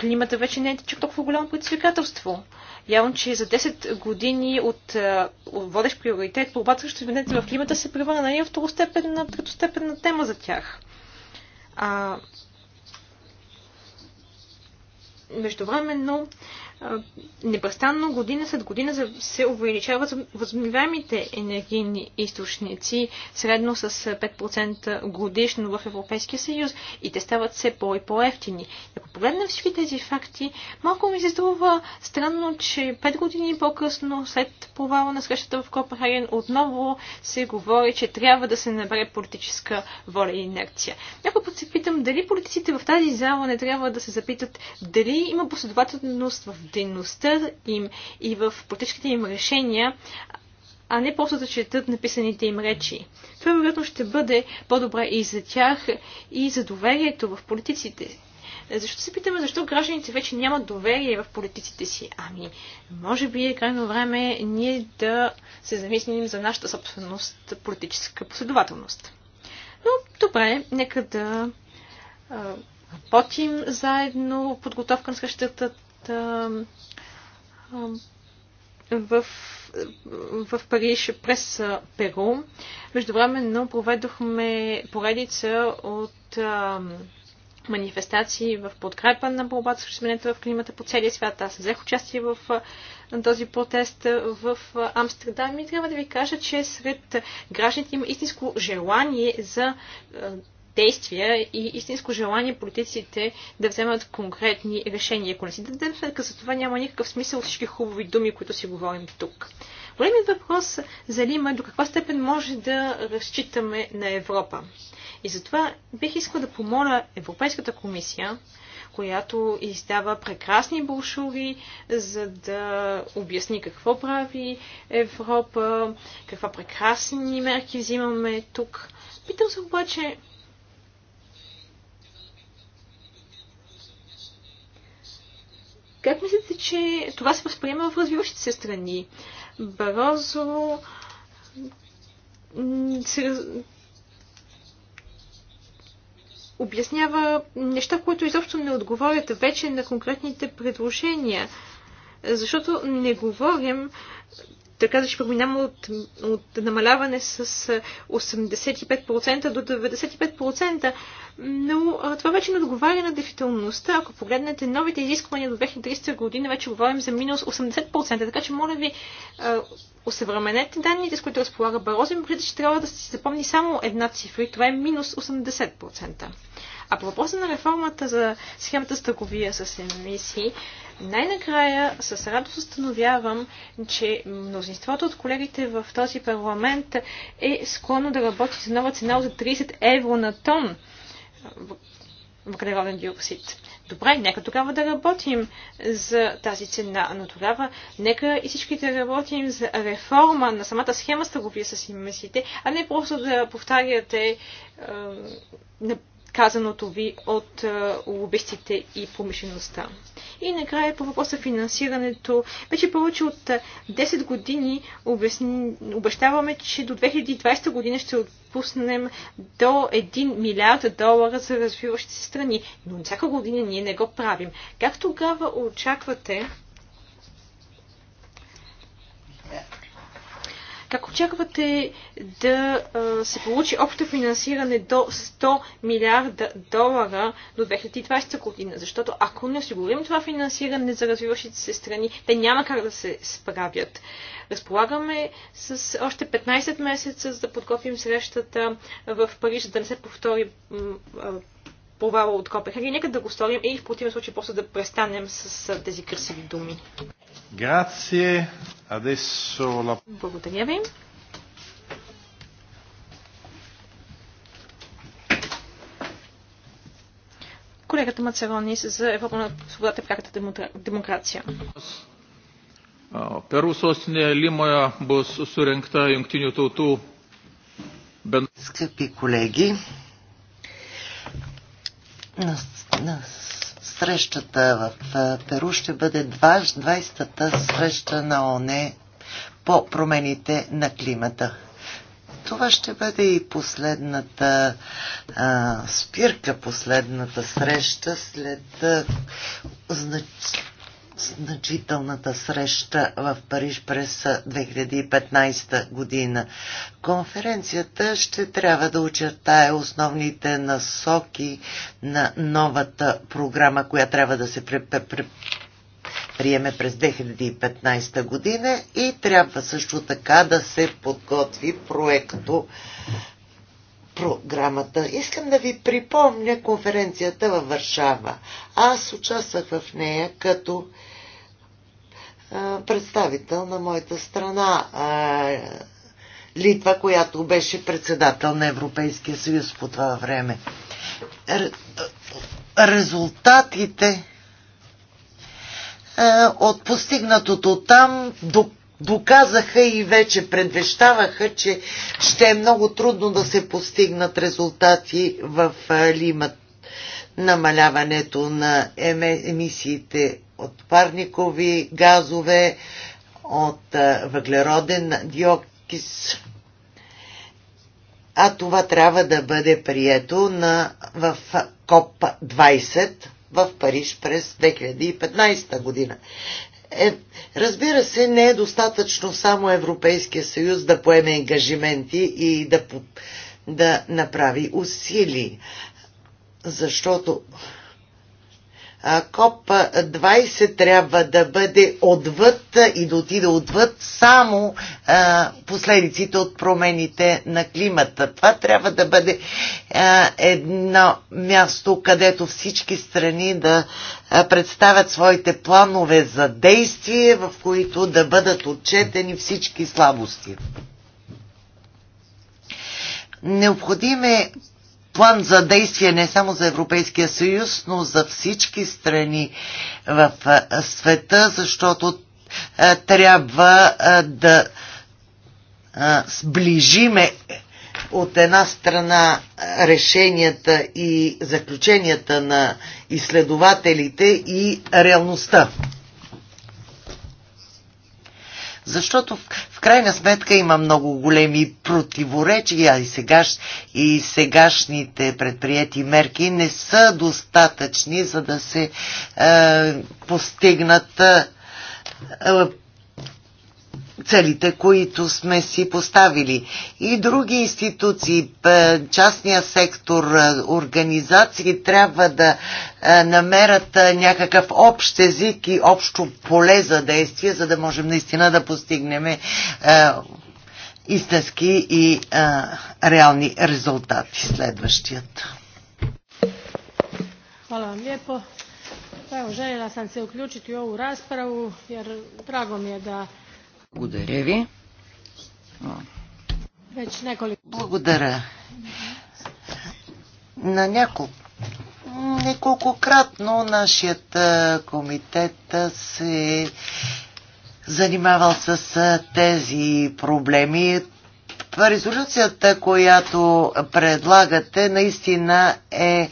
климата вече не е чак толкова голямо предизвикателство. Явно, че за 10 години от, от водещ приоритет борбата срещу измененията в климата се превърна на в второстепенна, третостепенна тема за тях. А, междувременно непрестанно година след година се увеличават възобновяемите енергийни източници, средно с 5% годишно в Европейския съюз и те стават все по- и по-ефтини. Ако погледнем всички тези факти, малко ми се струва странно, че 5 години по-късно, след провала на срещата в Копенхаген, отново се говори, че трябва да се набере политическа воля и инерция. Някой път се питам дали политиците в тази зала не трябва да се запитат дали има последователност в дейността им и в политическите им решения, а не просто да четат написаните им речи. Това вероятно ще бъде по-добре и за тях, и за доверието в политиците. Защо се питаме, защо гражданите вече нямат доверие в политиците си? Ами, може би е крайно време ние да се замислим за нашата собственост, политическа последователност. Но добре, нека да работим заедно, подготовка на срещата а, а, в, в Париж през Перу. Междувременно проведохме поредица от а, манифестации в подкрепа на борбата с изменението в климата по целия свят. Аз взех участие в този протест в Амстердам и трябва да ви кажа, че сред гражданите има истинско желание за действия и истинско желание политиците да вземат конкретни решения. Ако не си дадем сметка за това, няма никакъв смисъл от всички хубави думи, които си говорим тук. Големият въпрос за Лима е до каква степен може да разчитаме на Европа. И затова бих искал да помоля Европейската комисия, която издава прекрасни брошури, за да обясни какво прави Европа, каква прекрасни мерки взимаме тук. Питам се обаче, Как мислите, че това се възприема в развиващите се страни? Барозо се обяснява неща, които изобщо не отговорят вече на конкретните предложения. Защото не говорим той каза, че преминаваме от, от намаляване с 85% до 95%, но това вече не отговаря на действителността. Ако погледнете новите изисквания до 2300 година, вече говорим за минус 80%. Така че, моля ви, осъвременете данните, с които разполага Барозин, преди че трябва да се запомни само една цифра и това е минус 80%. А по въпроса на реформата за схемата с търговия с емисии, най-накрая с радост установявам, че мнозинството от колегите в този парламент е склонно да работи за нова цена от 30 евро на тон въглероден диоксид. Добре, нека тогава да работим за тази цена, но тогава нека и всички да работим за реформа на самата схема с търговия с емисиите, а не просто да повтаряте е, казаното ви от е, лобистите и промишлеността. И накрая по въпроса финансирането. Вече повече от 10 е, години обясни, обещаваме, че до 2020 година ще отпуснем до 1 милиард долара за развиващите се страни. Но всяка година ние не го правим. Как тогава очаквате как очаквате да се получи общо финансиране до 100 милиарда долара до 2020 година? Защото ако не осигурим това финансиране за развиващите се страни, те няма как да се справят. Разполагаме с още 15 месеца, за да подготвим срещата в Париж, за да не се повтори провала от Копенхаген. Нека да го сторим и в противен случай просто да престанем с тези красиви думи. Грация, Adesso... Благодаря ви. Колегата Мацаронис за Европа на свободата и пряката демокрация. Перу состинėje Лимоje bus surinkta jungtinių tautų bendra. Скъпи колеги, на, на срещата в Перу ще бъде 20-та среща на ОНЕ по промените на климата. Това ще бъде и последната а, спирка, последната среща след а, значи, значителната среща в Париж през 2015 година. Конференцията ще трябва да очертае основните насоки на новата програма, която трябва да се приеме през 2015 година и трябва също така да се подготви проекто програмата. Искам да ви припомня конференцията във Варшава. Аз участвах в нея като представител на моята страна Литва, която беше председател на Европейския съюз по това време. Резултатите от постигнатото там доказаха и вече предвещаваха, че ще е много трудно да се постигнат резултати в Лима. Намаляването на емисиите от парникови газове, от въглероден диокис. А това трябва да бъде прието на, в КОП-20 в Париж през 2015 година. Е, разбира се, не е достатъчно само Европейския съюз да поеме ангажименти и да, да направи усилия, защото КОП 20 трябва да бъде отвъд и да отиде отвъд само последиците от промените на климата. Това трябва да бъде едно място, където всички страни да представят своите планове за действие, в които да бъдат отчетени всички слабости. Необходим е план за действие не само за Европейския съюз, но за всички страни в света, защото трябва да сближиме от една страна решенията и заключенията на изследователите и реалността. Защото в, в крайна сметка има много големи противоречия и, сегаш, и сегашните предприяти мерки не са достатъчни, за да се е, постигнат е, целите, които сме си поставили. И други институции, частния сектор, организации трябва да намерят някакъв общ език и общо поле за действие, за да можем наистина да постигнем истински и реални резултати. Следващият. Hvala vam lijepo. Evo, željela sam se uključiti u ovu raspravu jer drago mi je da благодаря ви. Вече няколко. Благодаря. На няколко Неколкократно нашият комитет се е занимавал с тези проблеми. Резолюцията, която предлагате, наистина е,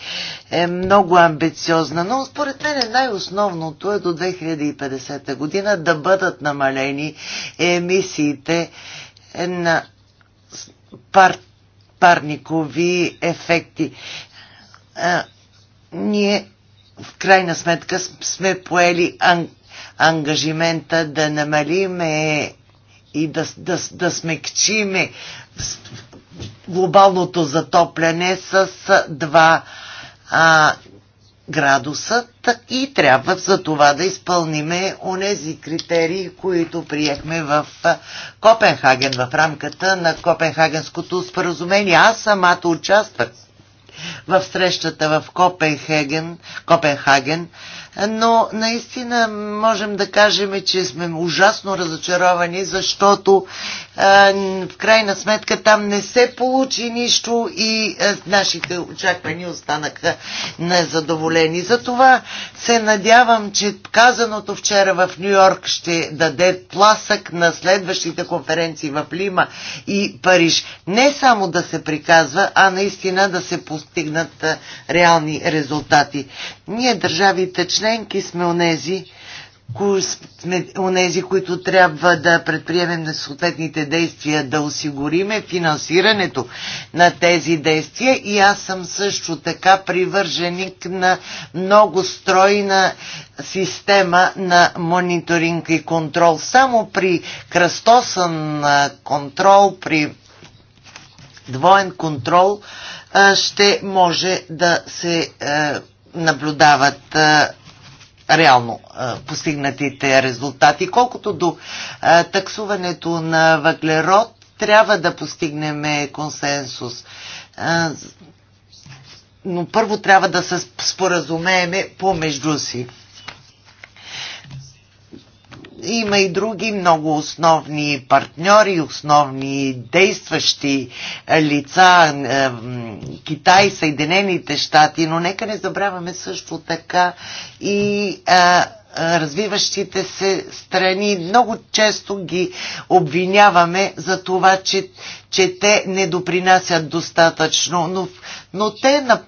е много амбициозна, но според мен е най-основното е до 2050 година да бъдат намалени емисиите на пар, парникови ефекти. А, ние в крайна сметка сме поели ан, ангажимента да намалиме и да, да, да смекчиме глобалното затопляне с 2 а, градуса и трябва за това да изпълниме онези критерии, които приехме в Копенхаген, в рамката на Копенхагенското споразумение. Аз самата участвах в срещата в Копенхаген, Копенхаген, но наистина можем да кажем, че сме ужасно разочаровани, защото в крайна сметка там не се получи нищо и нашите очаквания останаха незадоволени. Затова се надявам, че казаното вчера в Нью Йорк ще даде пласък на следващите конференции в Лима и Париж. Не само да се приказва, а наистина да се постигнат реални резултати. Ние, държавите членки, сме онези, сме онези, които трябва да предприемем на съответните действия, да осигуриме финансирането на тези действия и аз съм също така привърженик на много стройна система на мониторинг и контрол. Само при кръстосан контрол, при двоен контрол ще може да се наблюдават реално а, постигнатите резултати. Колкото до а, таксуването на въглерод, трябва да постигнем консенсус. А, но първо трябва да се споразумееме помежду си има и други много основни партньори, основни действащи е, лица, е, Китай, Съединените щати, но нека не забравяме също така и е, развиващите се страни. Много често ги обвиняваме за това, че, че те не допринасят достатъчно, но, но те на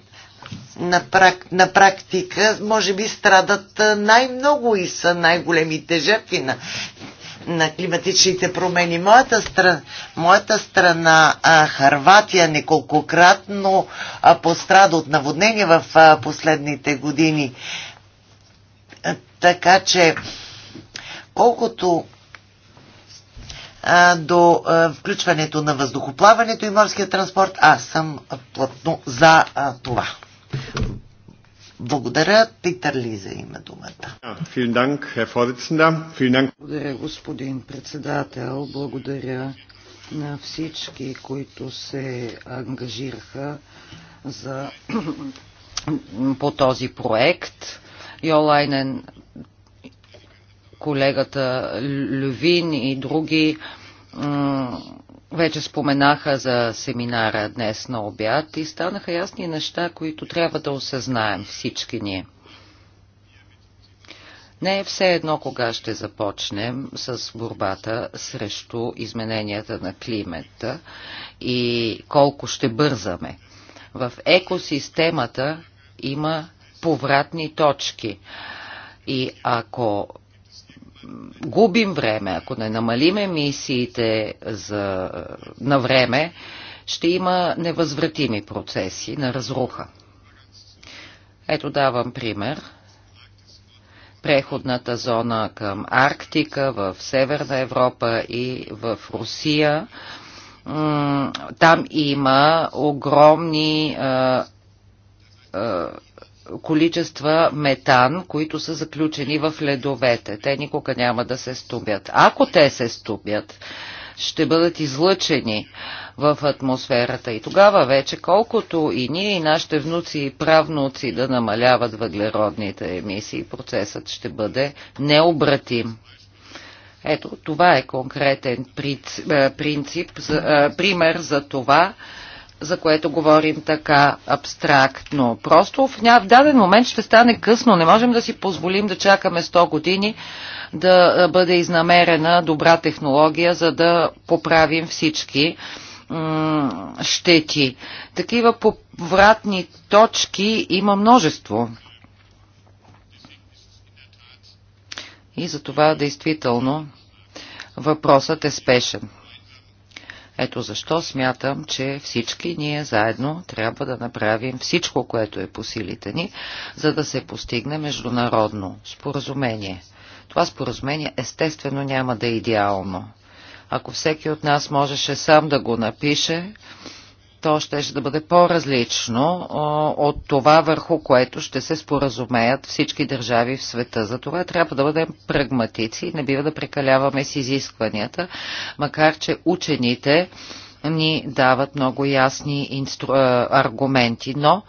на, прак, на практика, може би страдат най-много и са най-големите жертви на, на климатичните промени. Моята, стран, моята страна, а, Харватия, неколкократно а, пострада от наводнения в а, последните години. А, така че, колкото до включването на въздухоплаването и морския транспорт, аз съм плътно за това. Благодаря. Питър Лиза има думата. Благодаря, господин председател. Благодаря на всички, които се ангажираха за, по този проект. Йолайнен, колегата Лювин и други вече споменаха за семинара днес на обяд и станаха ясни неща, които трябва да осъзнаем всички ние. Не е все едно кога ще започнем с борбата срещу измененията на климата и колко ще бързаме. В екосистемата има повратни точки. И ако губим време, ако не намалим емисиите за, на време, ще има невъзвратими процеси на разруха. Ето давам пример. Преходната зона към Арктика в Северна Европа и в Русия. Там има огромни количества метан, които са заключени в ледовете. Те никога няма да се стубят. Ако те се стубят, ще бъдат излъчени в атмосферата. И тогава вече, колкото и ние, и нашите внуци и правнуци да намаляват въглеродните емисии, процесът ще бъде необратим. Ето, това е конкретен е, принцип, е, пример за това, за което говорим така абстрактно. Просто в, ня... в даден момент ще стане късно. Не можем да си позволим да чакаме 100 години да бъде изнамерена добра технология, за да поправим всички щети. Такива повратни точки има множество. И за това действително въпросът е спешен. Ето защо смятам, че всички ние заедно трябва да направим всичко, което е по силите ни, за да се постигне международно споразумение. Това споразумение естествено няма да е идеално. Ако всеки от нас можеше сам да го напише, то ще да бъде по-различно от това върху което ще се споразумеят всички държави в света. За това трябва да бъдем прагматици не бива да прекаляваме с изискванията, макар че учените ни дават много ясни инстру... аргументи, но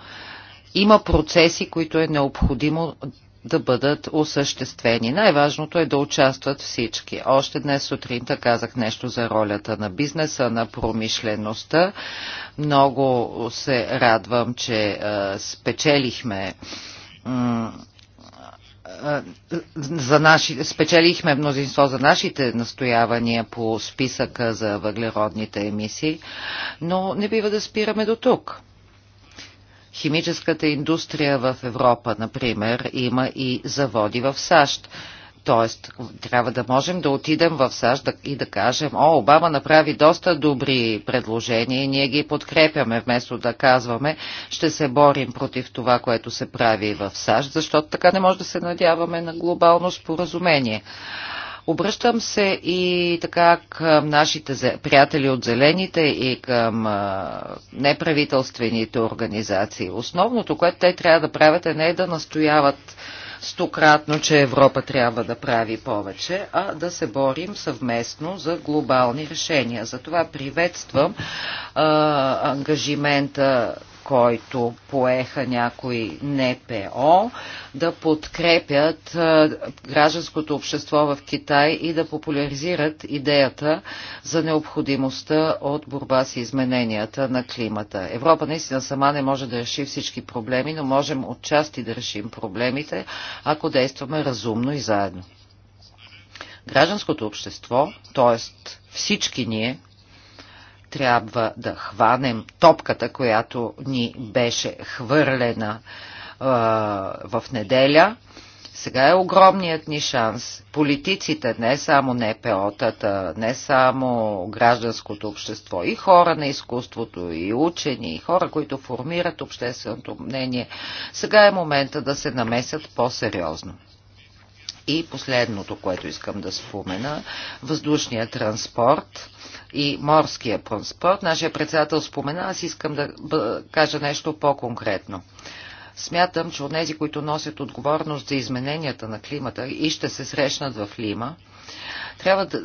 има процеси, които е необходимо да бъдат осъществени. Най-важното е да участват всички. Още днес сутринта казах нещо за ролята на бизнеса, на промишлеността. Много се радвам, че спечелихме за наши, спечелихме мнозинство за нашите настоявания по списъка за въглеродните емисии, но не бива да спираме до тук. Химическата индустрия в Европа, например, има и заводи в САЩ. Тоест, трябва да можем да отидем в САЩ и да кажем, о, Обама направи доста добри предложения и ние ги подкрепяме, вместо да казваме, ще се борим против това, което се прави в САЩ, защото така не може да се надяваме на глобално споразумение. Обръщам се и така към нашите приятели от зелените и към неправителствените организации. Основното, което те трябва да правят е не е да настояват стократно, че Европа трябва да прави повече, а да се борим съвместно за глобални решения. Затова приветствам а, ангажимента който поеха някои НПО, да подкрепят гражданското общество в Китай и да популяризират идеята за необходимостта от борба с измененията на климата. Европа наистина сама не може да реши всички проблеми, но можем отчасти да решим проблемите, ако действаме разумно и заедно. Гражданското общество, т.е. всички ние, трябва да хванем топката, която ни беше хвърлена в неделя. Сега е огромният ни шанс. Политиците, не само НПО-тата, не само гражданското общество, и хора на изкуството, и учени, и хора, които формират общественото мнение, сега е момента да се намесят по-сериозно. И последното, което искам да спомена, въздушният транспорт – и морския транспорт. Нашия председател спомена, аз искам да кажа нещо по-конкретно. Смятам, че от тези, които носят отговорност за измененията на климата и ще се срещнат в Лима, трябва да,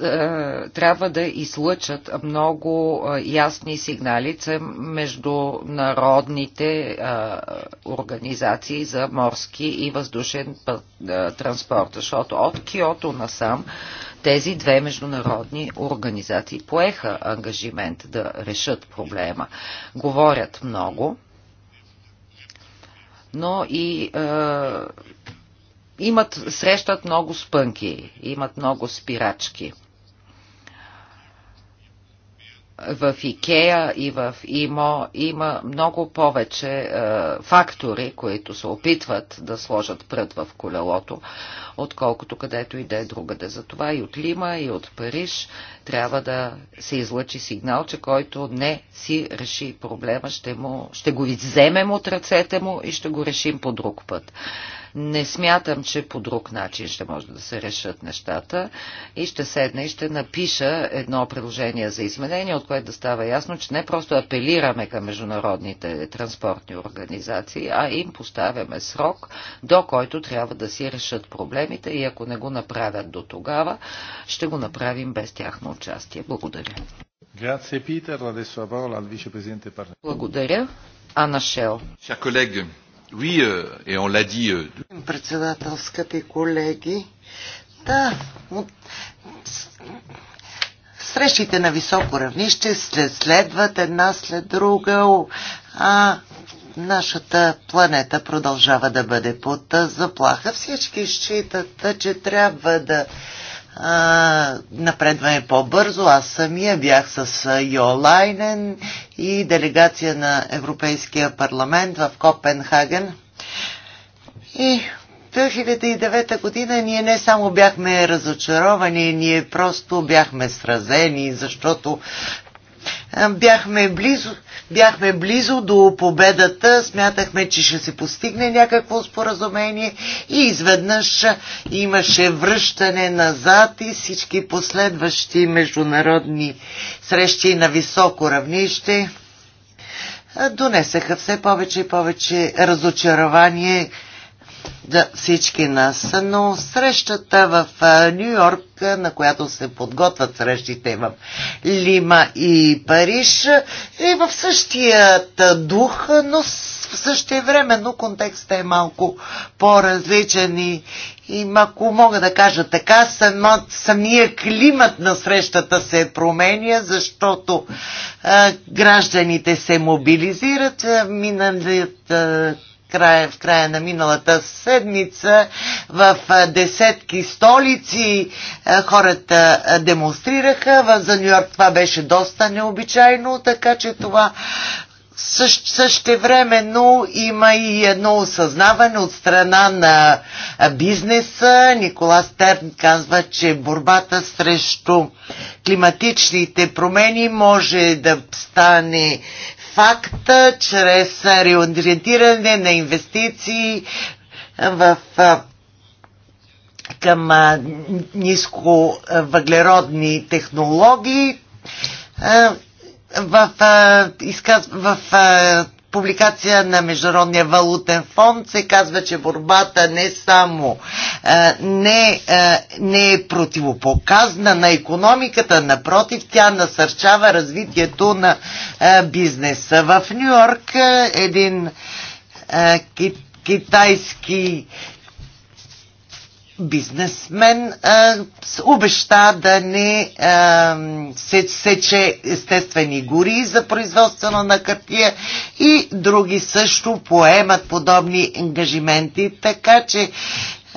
е, трябва да излъчат много е, ясни сигнали между народните е, организации за морски и въздушен транспорт, защото от Киото насам тези две международни организации поеха ангажимент да решат проблема. Говорят много, но и имат, срещат много спънки, имат много спирачки. В Икея и в ИМО има много повече е, фактори, които се опитват да сложат прът в колелото, отколкото където и да е другаде. Затова и от Лима, и от Париж трябва да се излъчи сигнал, че който не си реши проблема, ще, му, ще го изземем от ръцете му и ще го решим по друг път. Не смятам, че по друг начин ще може да се решат нещата и ще седна и ще напиша едно предложение за изменение, от което да става ясно, че не просто апелираме към международните транспортни организации, а им поставяме срок, до който трябва да си решат проблемите и ако не го направят до тогава, ще го направим без тяхно участие. Благодаря. Благодаря. Анна Шел. Oui, euh, et on l'a dit. Euh, Председател, скъпи колеги, да, от... срещите на високо равнище след, следват една след друга, а нашата планета продължава да бъде под заплаха. Всички считат, че трябва да а, напредваме по-бързо. Аз самия бях с Йолайнен и делегация на Европейския парламент в Копенхаген. И 2009 година ние не само бяхме разочаровани, ние просто бяхме сразени, защото бяхме близо бяхме близо до победата, смятахме, че ще се постигне някакво споразумение и изведнъж имаше връщане назад и всички последващи международни срещи на високо равнище донесеха все повече и повече разочарование да, всички нас. Но срещата в Нью Йорк, на която се подготвят срещите в Лима и Париж, е в същият дух, но в същия но контекстът е малко по-различен и, и ако мога да кажа така, само, самия климат на срещата се променя, защото а, гражданите се мобилизират. Миналият а, края, в края на миналата седмица в десетки столици хората демонстрираха. за Нью Йорк това беше доста необичайно, така че това също, но има и едно осъзнаване от страна на бизнеса. Никола Стерн казва, че борбата срещу климатичните промени може да стане факта чрез реориентиране на инвестиции в към ниско въглеродни технологии. в, в, в, в публикация на Международния валутен фонд се казва, че борбата не само а, не, а, не е противопоказна на економиката, напротив, тя насърчава развитието на а, бизнеса. В Нью Йорк един а, кит, китайски бизнесмен а, обеща да не а, се, сече естествени гори за производствено на хартия и други също поемат подобни ангажименти, така че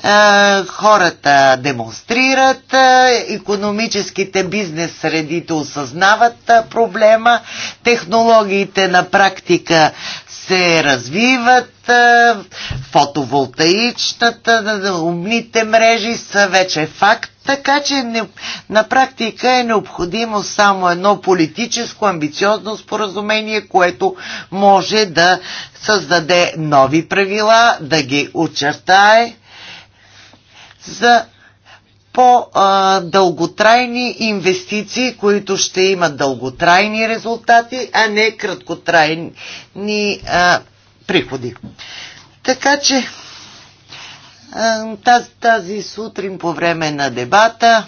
а, хората демонстрират, а, економическите бизнес средите осъзнават а, проблема, технологиите на практика се развиват, фотоволтаичната, умните мрежи са вече факт, така че не, на практика е необходимо само едно политическо амбициозно споразумение, което може да създаде нови правила, да ги очертае за по-дълготрайни инвестиции, които ще имат дълготрайни резултати, а не краткотрайни а, приходи. Така че тази, тази сутрин по време на дебата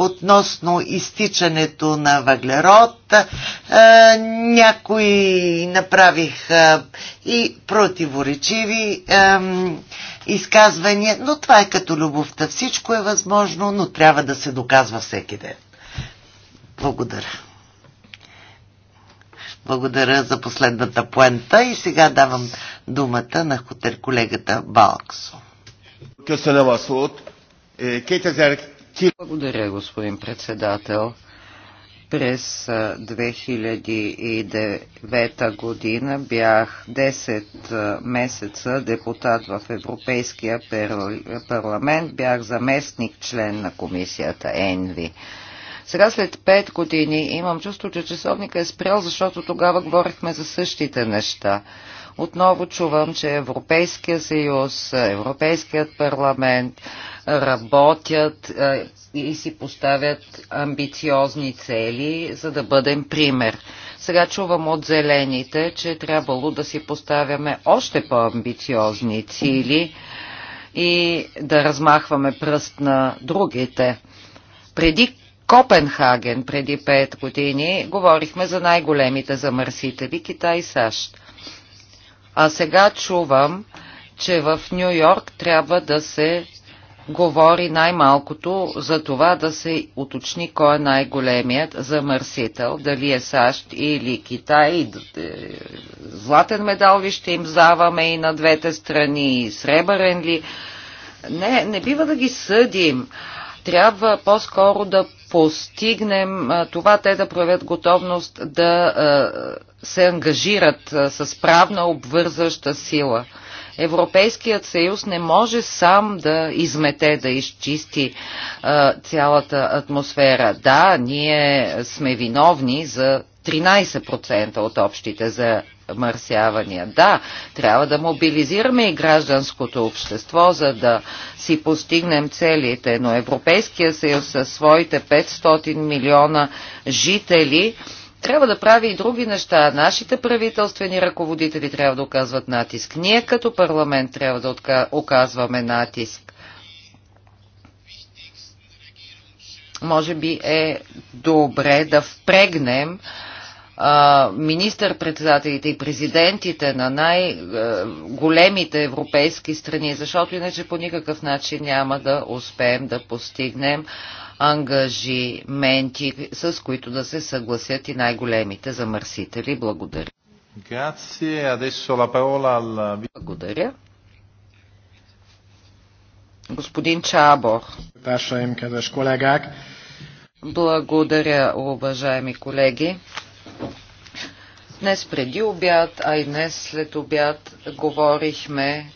относно изтичането на въглерод. Е, някои направиха и противоречиви изказвания, но това е като любовта. Всичко е възможно, но трябва да се доказва всеки ден. Благодаря. Благодаря за последната поента и сега давам думата на колегата Балксо. Köszönöm благодаря, господин председател. През 2009 година бях 10 месеца депутат в Европейския парламент, бях заместник член на комисията ЕНВИ. Сега след 5 години имам чувство, че часовника е спрял, защото тогава говорихме за същите неща. Отново чувам, че Европейския съюз, Европейският парламент работят е, и си поставят амбициозни цели, за да бъдем пример. Сега чувам от зелените, че трябвало да си поставяме още по-амбициозни цели и да размахваме пръст на другите. Преди Копенхаген, преди 5 години, говорихме за най-големите замърсители Китай и САЩ. А сега чувам, че в Нью Йорк трябва да се говори най-малкото за това да се уточни кой е най-големият замърсител, дали е САЩ или Китай. Е, златен медал ли ще им заваме и на двете страни, и сребърен ли? Не, не бива да ги съдим. Трябва по-скоро да постигнем това те да проявят готовност да се ангажират с правна обвързаща сила. Европейският съюз не може сам да измете, да изчисти а, цялата атмосфера. Да, ние сме виновни за 13% от общите за замърсявания. Да, трябва да мобилизираме и гражданското общество, за да си постигнем целите, но Европейския съюз със своите 500 милиона жители трябва да прави и други неща. Нашите правителствени ръководители трябва да оказват натиск. Ние като парламент трябва да оказваме натиск. Може би е добре да впрегнем министър-председателите и президентите на най-големите европейски страни, защото иначе по никакъв начин няма да успеем да постигнем ангажименти, с които да се съгласят и най-големите замърсители. Благодаря. Благодаря. Господин Чабор. Благодаря, уважаеми колеги. Днес преди обяд, а и днес след обяд, говорихме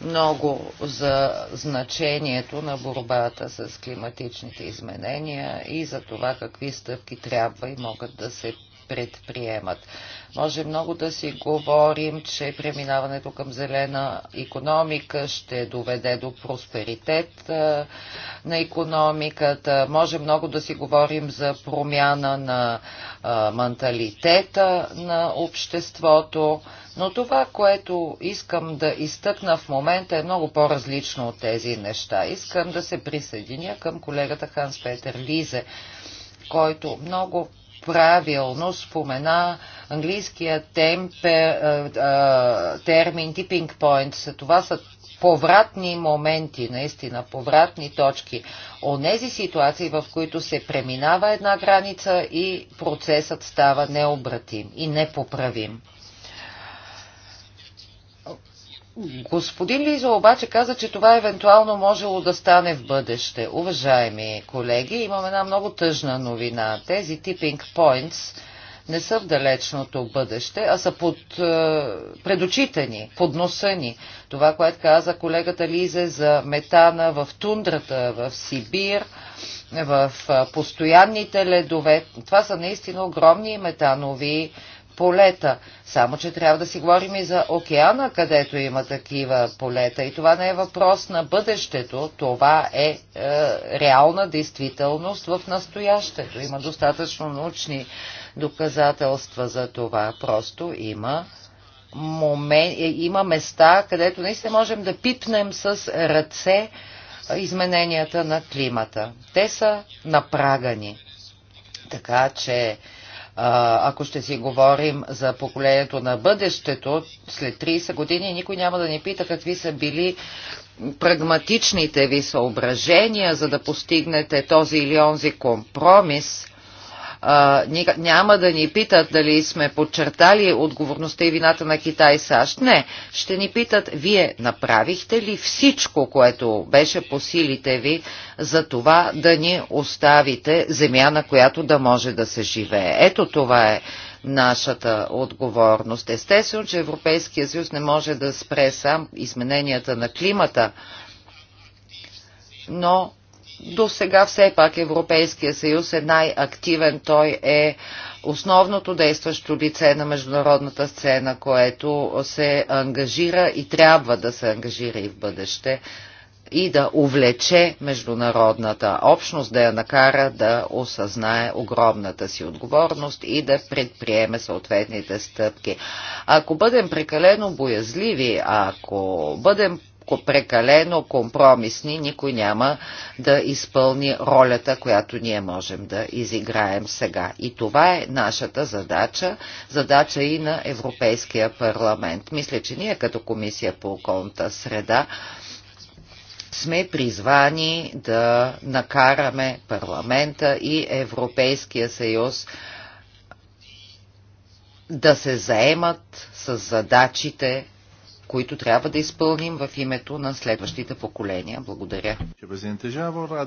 много за значението на борбата с климатичните изменения и за това какви стъпки трябва и могат да се предприемат. Може много да си говорим, че преминаването към зелена економика ще доведе до просперитет на економиката. Може много да си говорим за промяна на менталитета на обществото. Но това, което искам да изтъкна в момента е много по-различно от тези неща. Искам да се присъединя към колегата Ханс Петер Лизе, който много правилно спомена английския темпе, е, е, термин tipping points. Това са повратни моменти, наистина повратни точки. Онези ситуации, в които се преминава една граница и процесът става необратим и непоправим. Господин Лиза, обаче каза, че това евентуално можело да стане в бъдеще. Уважаеми колеги, имам една много тъжна новина. Тези типинг points не са в далечното бъдеще, а са под, е, пред очите ни, под носа ни. Това, което каза колегата Лизе за метана в тундрата, в Сибир, в е, постоянните ледове, това са наистина огромни метанови полета. Само, че трябва да си говорим и за океана, където има такива полета. И това не е въпрос на бъдещето, това е, е реална действителност в настоящето. Има достатъчно научни доказателства за това. Просто има момен... Е, има места, където наистина можем да пипнем с ръце измененията на климата. Те са напрагани. Така че ако ще си говорим за поколението на бъдещето, след 30 години никой няма да ни пита какви са били прагматичните ви съображения, за да постигнете този или онзи компромис няма да ни питат дали сме подчертали отговорността и вината на Китай и САЩ. Не, ще ни питат, вие направихте ли всичко, което беше по силите ви, за това да ни оставите земя, на която да може да се живее. Ето това е нашата отговорност. Естествено, че Европейския съюз не може да спре сам измененията на климата, но до сега все пак Европейския съюз е най-активен. Той е основното действащо лице на международната сцена, което се ангажира и трябва да се ангажира и в бъдеще и да увлече международната общност, да я накара да осъзнае огромната си отговорност и да предприеме съответните стъпки. Ако бъдем прекалено боязливи, ако бъдем прекалено компромисни, никой няма да изпълни ролята, която ние можем да изиграем сега. И това е нашата задача, задача и на Европейския парламент. Мисля, че ние като Комисия по околната среда сме призвани да накараме парламента и Европейския съюз да се заемат с задачите които трябва да изпълним в името на следващите поколения. Благодаря. Eh,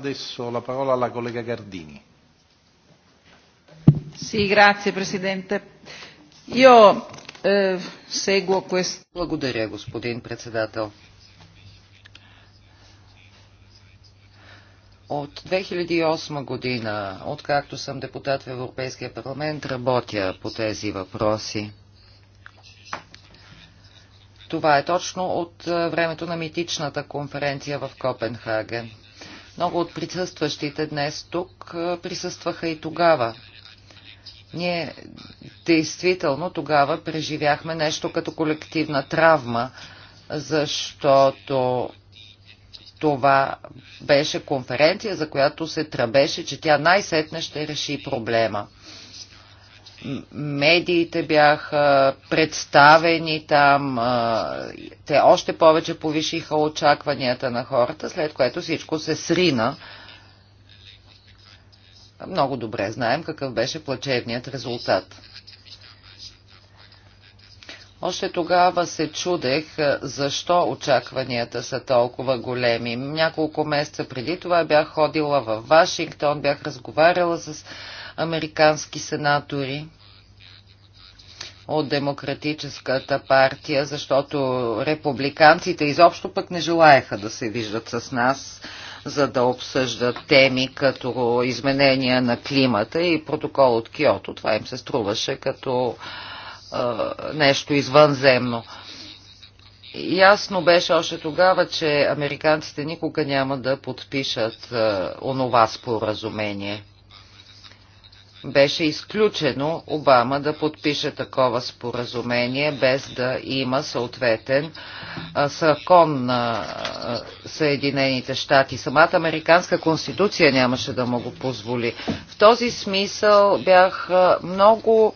Благодаря, господин председател. От 2008 година, откакто съм депутат в Европейския парламент, работя по тези въпроси. Това е точно от е, времето на митичната конференция в Копенхаген. Много от присъстващите днес тук е, присъстваха и тогава. Ние действително тогава преживяхме нещо като колективна травма, защото това беше конференция, за която се тръбеше, че тя най-сетне ще реши проблема медиите бяха представени там, те още повече повишиха очакванията на хората, след което всичко се срина. Много добре знаем какъв беше плачевният резултат. Още тогава се чудех защо очакванията са толкова големи. Няколко месеца преди това бях ходила в Вашингтон, бях разговаряла с американски сенатори от Демократическата партия, защото републиканците изобщо пък не желаяха да се виждат с нас, за да обсъждат теми като изменения на климата и протокол от Киото. Това им се струваше като е, нещо извънземно. Ясно беше още тогава, че американците никога няма да подпишат е, онова споразумение беше изключено Обама да подпише такова споразумение, без да има съответен закон на Съединените щати. Самата американска конституция нямаше да му го позволи. В този смисъл бях много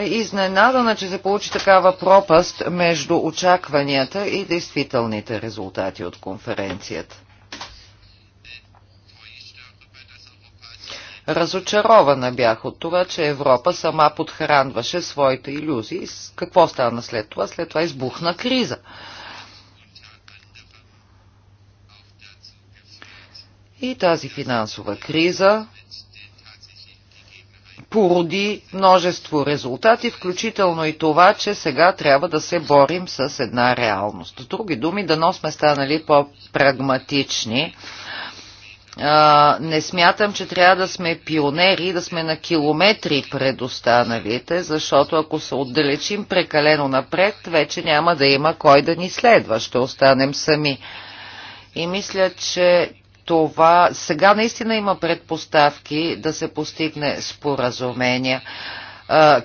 изненадана, че се получи такава пропаст между очакванията и действителните резултати от конференцията. Разочарована бях от това, че Европа сама подхранваше своите иллюзии. Какво стана след това? След това избухна криза. И тази финансова криза породи множество резултати, включително и това, че сега трябва да се борим с една реалност. С други думи, дано сме станали по-прагматични а, не смятам, че трябва да сме пионери да сме на километри пред останалите, защото ако се отдалечим прекалено напред, вече няма да има кой да ни следва, ще останем сами. И мисля, че това сега наистина има предпоставки да се постигне споразумение.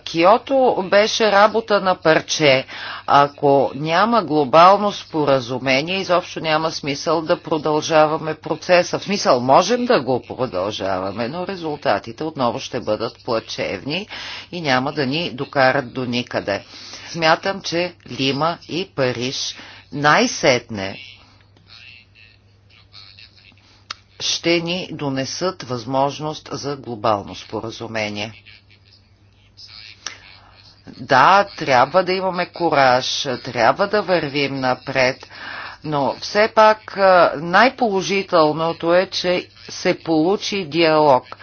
Киото беше работа на парче. Ако няма глобално споразумение, изобщо няма смисъл да продължаваме процеса. В смисъл можем да го продължаваме, но резултатите отново ще бъдат плачевни и няма да ни докарат до никъде. Смятам, че Лима и Париж най-сетне ще ни донесат възможност за глобално споразумение. Да, трябва да имаме кураж, трябва да вървим напред, но все пак най-положителното е, че се получи диалог.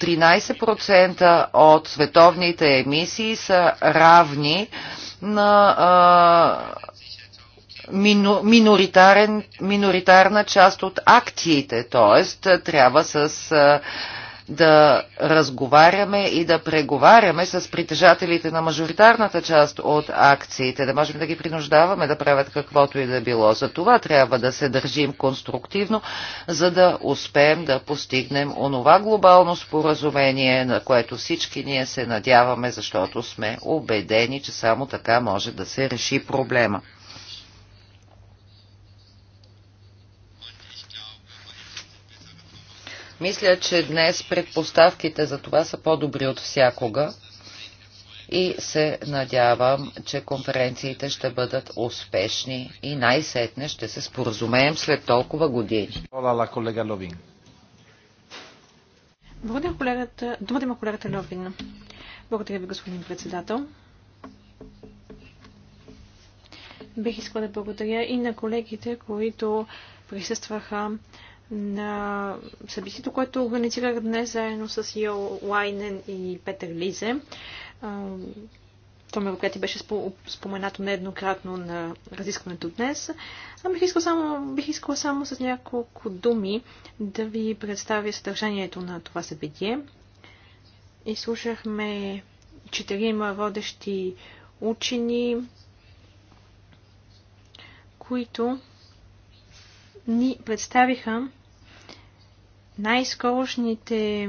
13% от световните емисии са равни на а, мину, миноритарен, миноритарна част от акциите, т.е. трябва с а, да разговаряме и да преговаряме с притежателите на мажоритарната част от акциите, да можем да ги принуждаваме да правят каквото и да е било. За това трябва да се държим конструктивно, за да успеем да постигнем онова глобално споразумение, на което всички ние се надяваме, защото сме убедени, че само така може да се реши проблема. Мисля, че днес предпоставките за това са по-добри от всякога и се надявам, че конференциите ще бъдат успешни и най-сетне ще се споразумеем след толкова години. Благодаря, колегата. Думата има колегата Ловин. Благодаря ви, господин председател. Бих искала да благодаря и на колегите, които присъстваха на събитието, което организирах днес заедно с Йо Лайнен и Петър Лизе. Това мероприятие беше споменато нееднократно на разискването днес. А бих искала само, бих искала само с няколко думи да ви представя съдържанието на това събитие. И слушахме четирима водещи учени, които ни представиха най-скорошните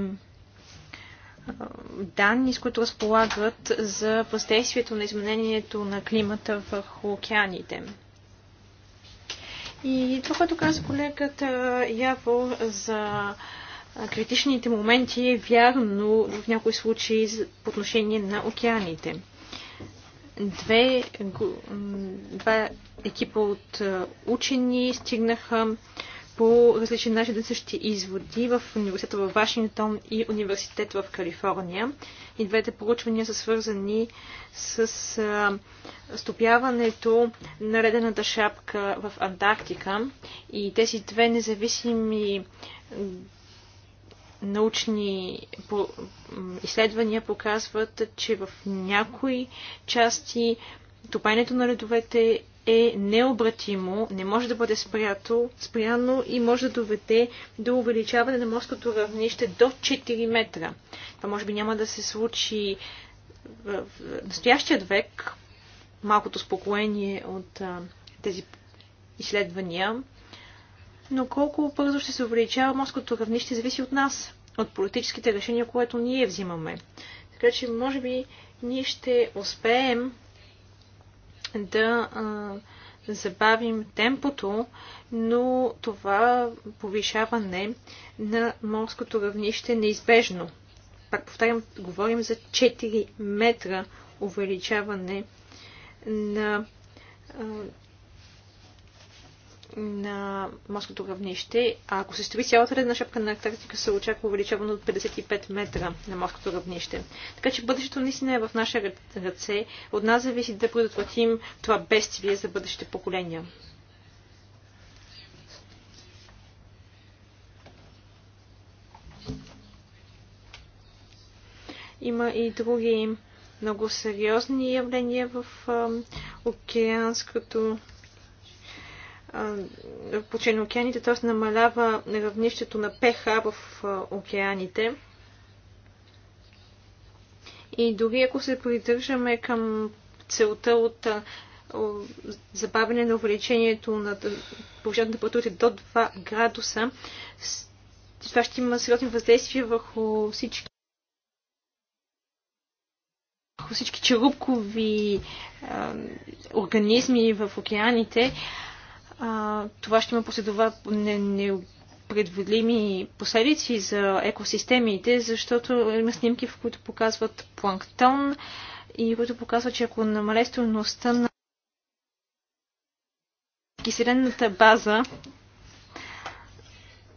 данни, с които разполагат за въздействието на изменението на климата върху океаните. И това, което каза колегата Явор за критичните моменти е вярно в някои случаи по отношение на океаните. Две, два екипа от учени стигнаха по различен начин да същи изводи в университета в Вашингтон и университет в Калифорния. И двете проучвания са свързани с а, стопяването на ледената шапка в Антарктика. И тези две независими научни изследвания показват, че в някои части топането на редовете е необратимо, не може да бъде спрято, спряно и може да доведе до увеличаване на морското равнище до 4 метра. Това може би няма да се случи в настоящият век, малкото спокоение от а, тези изследвания, но колко бързо ще се увеличава морското равнище зависи от нас, от политическите решения, което ние взимаме. Така че, може би, ние ще успеем да а, забавим темпото, но това повишаване на морското равнище неизбежно. Пак повтарям, говорим за 4 метра увеличаване на а, на морското равнище, а ако се строи цялата ледна шапка на Арктика, се очаква увеличаване от 55 метра на морското равнище. Така че бъдещето наистина е в наши ръце. От нас зависи да предотвратим това бедствие за бъдещите поколения. Има и други много сериозни явления в океанското почти на океаните, т.е. намалява равнището на ПХ в океаните. И дори ако се придържаме към целта от забавяне на увеличението на повишената температура до 2 градуса, това ще има сериозни въздействия върху всички върху всички черупкови а, организми в океаните, а, това ще има последователни последици за екосистемите, защото има снимки, в които показват планктон и които показват, че ако намаля на киселената база,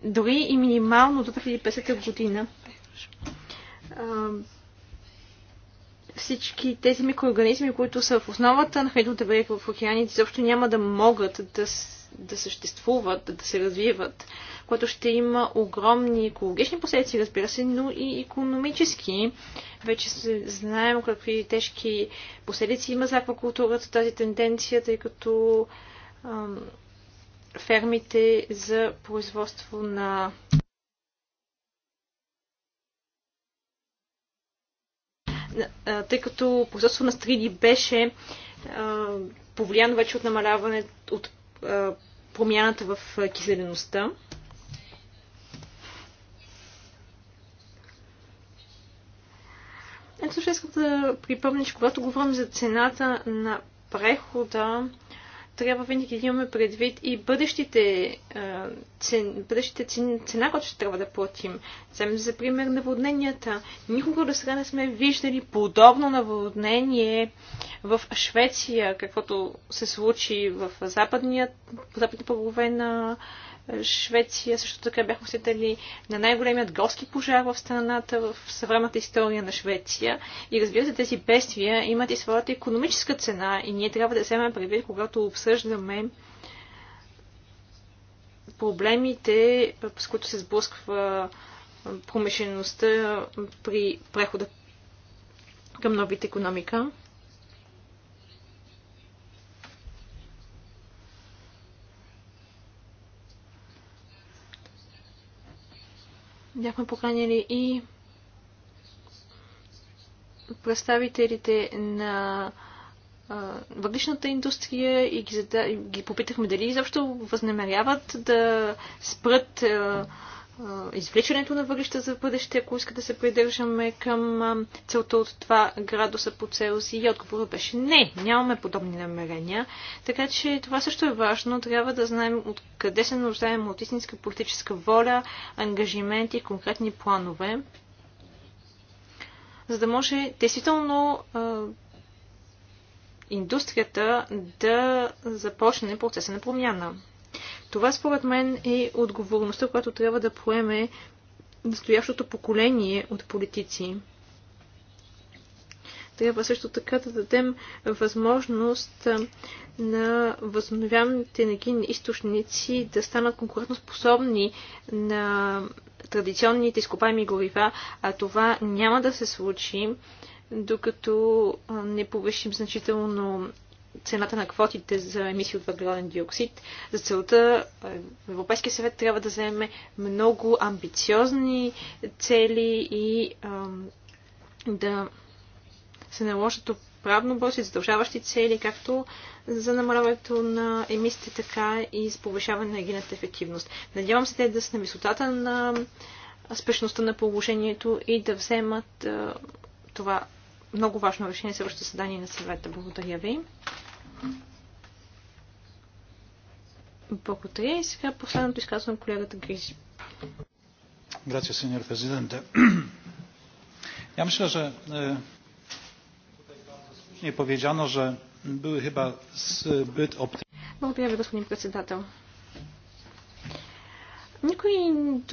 дори и минимално до 2050 година, всички тези микроорганизми, които са в основата на хранителната верига в океаните, също няма да могат да, да съществуват, да се развиват, което ще има огромни екологични последици, разбира се, но и економически. Вече знаем какви тежки последици има за аквакултурата тази тенденция, тъй като ам, фермите за производство на тъй като производството на стриди беше повлияно вече от намаляване от промяната в киселеността. Ето също искам да припомня, че когато говорим за цената на прехода, трябва винаги да имаме предвид и бъдещите, цен, бъдещите цен, цена, която ще трябва да платим. Вземем за пример наводненията. Никога до сега не сме виждали подобно наводнение в Швеция, каквото се случи в западния, западния полове на Швеция. Също така бяхме свидетели на най-големият горски пожар в страната в съвременната история на Швеция. И разбира се, тези бедствия имат и своята економическа цена и ние трябва да вземем предвид, когато обсъждаме проблемите, с които се сблъсква промишлеността при прехода към новите економика. бяхме поканили и представителите на въглишната индустрия и ги, зада... ги попитахме дали изобщо възнамеряват да спрат а, извличането на въглища за бъдеще, ако иска да се придържаме към целта от това градуса по Целси. И отговорът беше не, нямаме подобни намерения. Така че това също е важно. Трябва да знаем откъде се нуждаем от истинска политическа воля, ангажименти и конкретни планове, за да може действително индустрията да започне процеса на промяна. Това според мен е отговорността, която трябва да поеме настоящото поколение от политици. Трябва също така да дадем възможност на възобновяемите енергийни източници да станат конкурентоспособни на традиционните изкопаеми горива, а това няма да се случи, докато не повишим значително цената на квотите за емисии от въглероден диоксид. За целта е, Европейския съвет трябва да вземе много амбициозни цели и ам, да се наложат правно бързи задължаващи цели, както за намаляването на емисиите, така и за повишаване на енергийната ефективност. Надявам се те да са на висотата на спешността на положението и да вземат а, е, това много важно решение следващото съдание на съвета. Благодаря ви. Благодаря и сега последното изказвам колегата Гризи. мисля, че Presidente. е myślę, е че nie хиба с były е, оптим. Благодаря ви, господин председател. Никой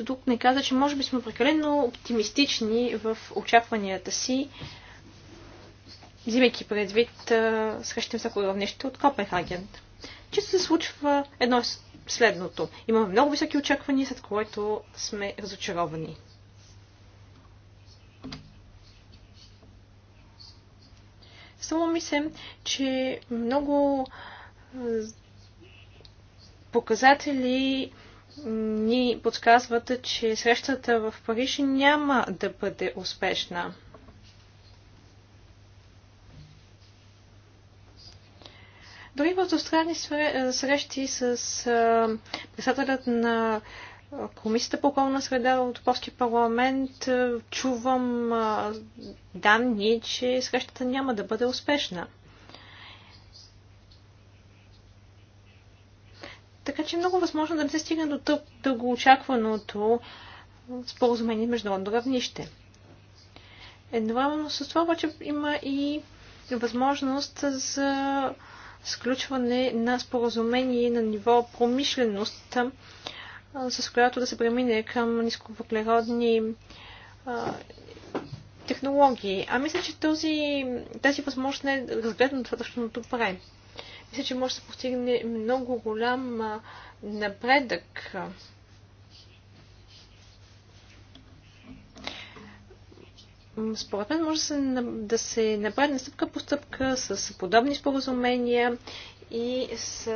тук не каза, че може би сме прекалено оптимистични в очакванията си взимайки предвид срещам всяко равнище от Копенхаген. Често се случва едно следното. Имаме много високи очаквания, след което сме разочаровани. Само мисля, че много показатели ни подсказват, че срещата в Париж няма да бъде успешна. Дори в двустранни е, срещи с е, председателят на е, Комисията по околна среда от Полския парламент чувам данни, че срещата няма да бъде успешна. Така че е много възможно да не се стигне до дългоочакваното споразумение между равнище. Едновременно с това обаче има и възможност за сключване на споразумение на ниво промишленост, с която да се премине към нисковъглеродни технологии. А мисля, че този, тази възможност не е разгледана достатъчно добре. Мисля, че може да се постигне много голям напредък според мен може да се, да се стъпка по стъпка с подобни споразумения и с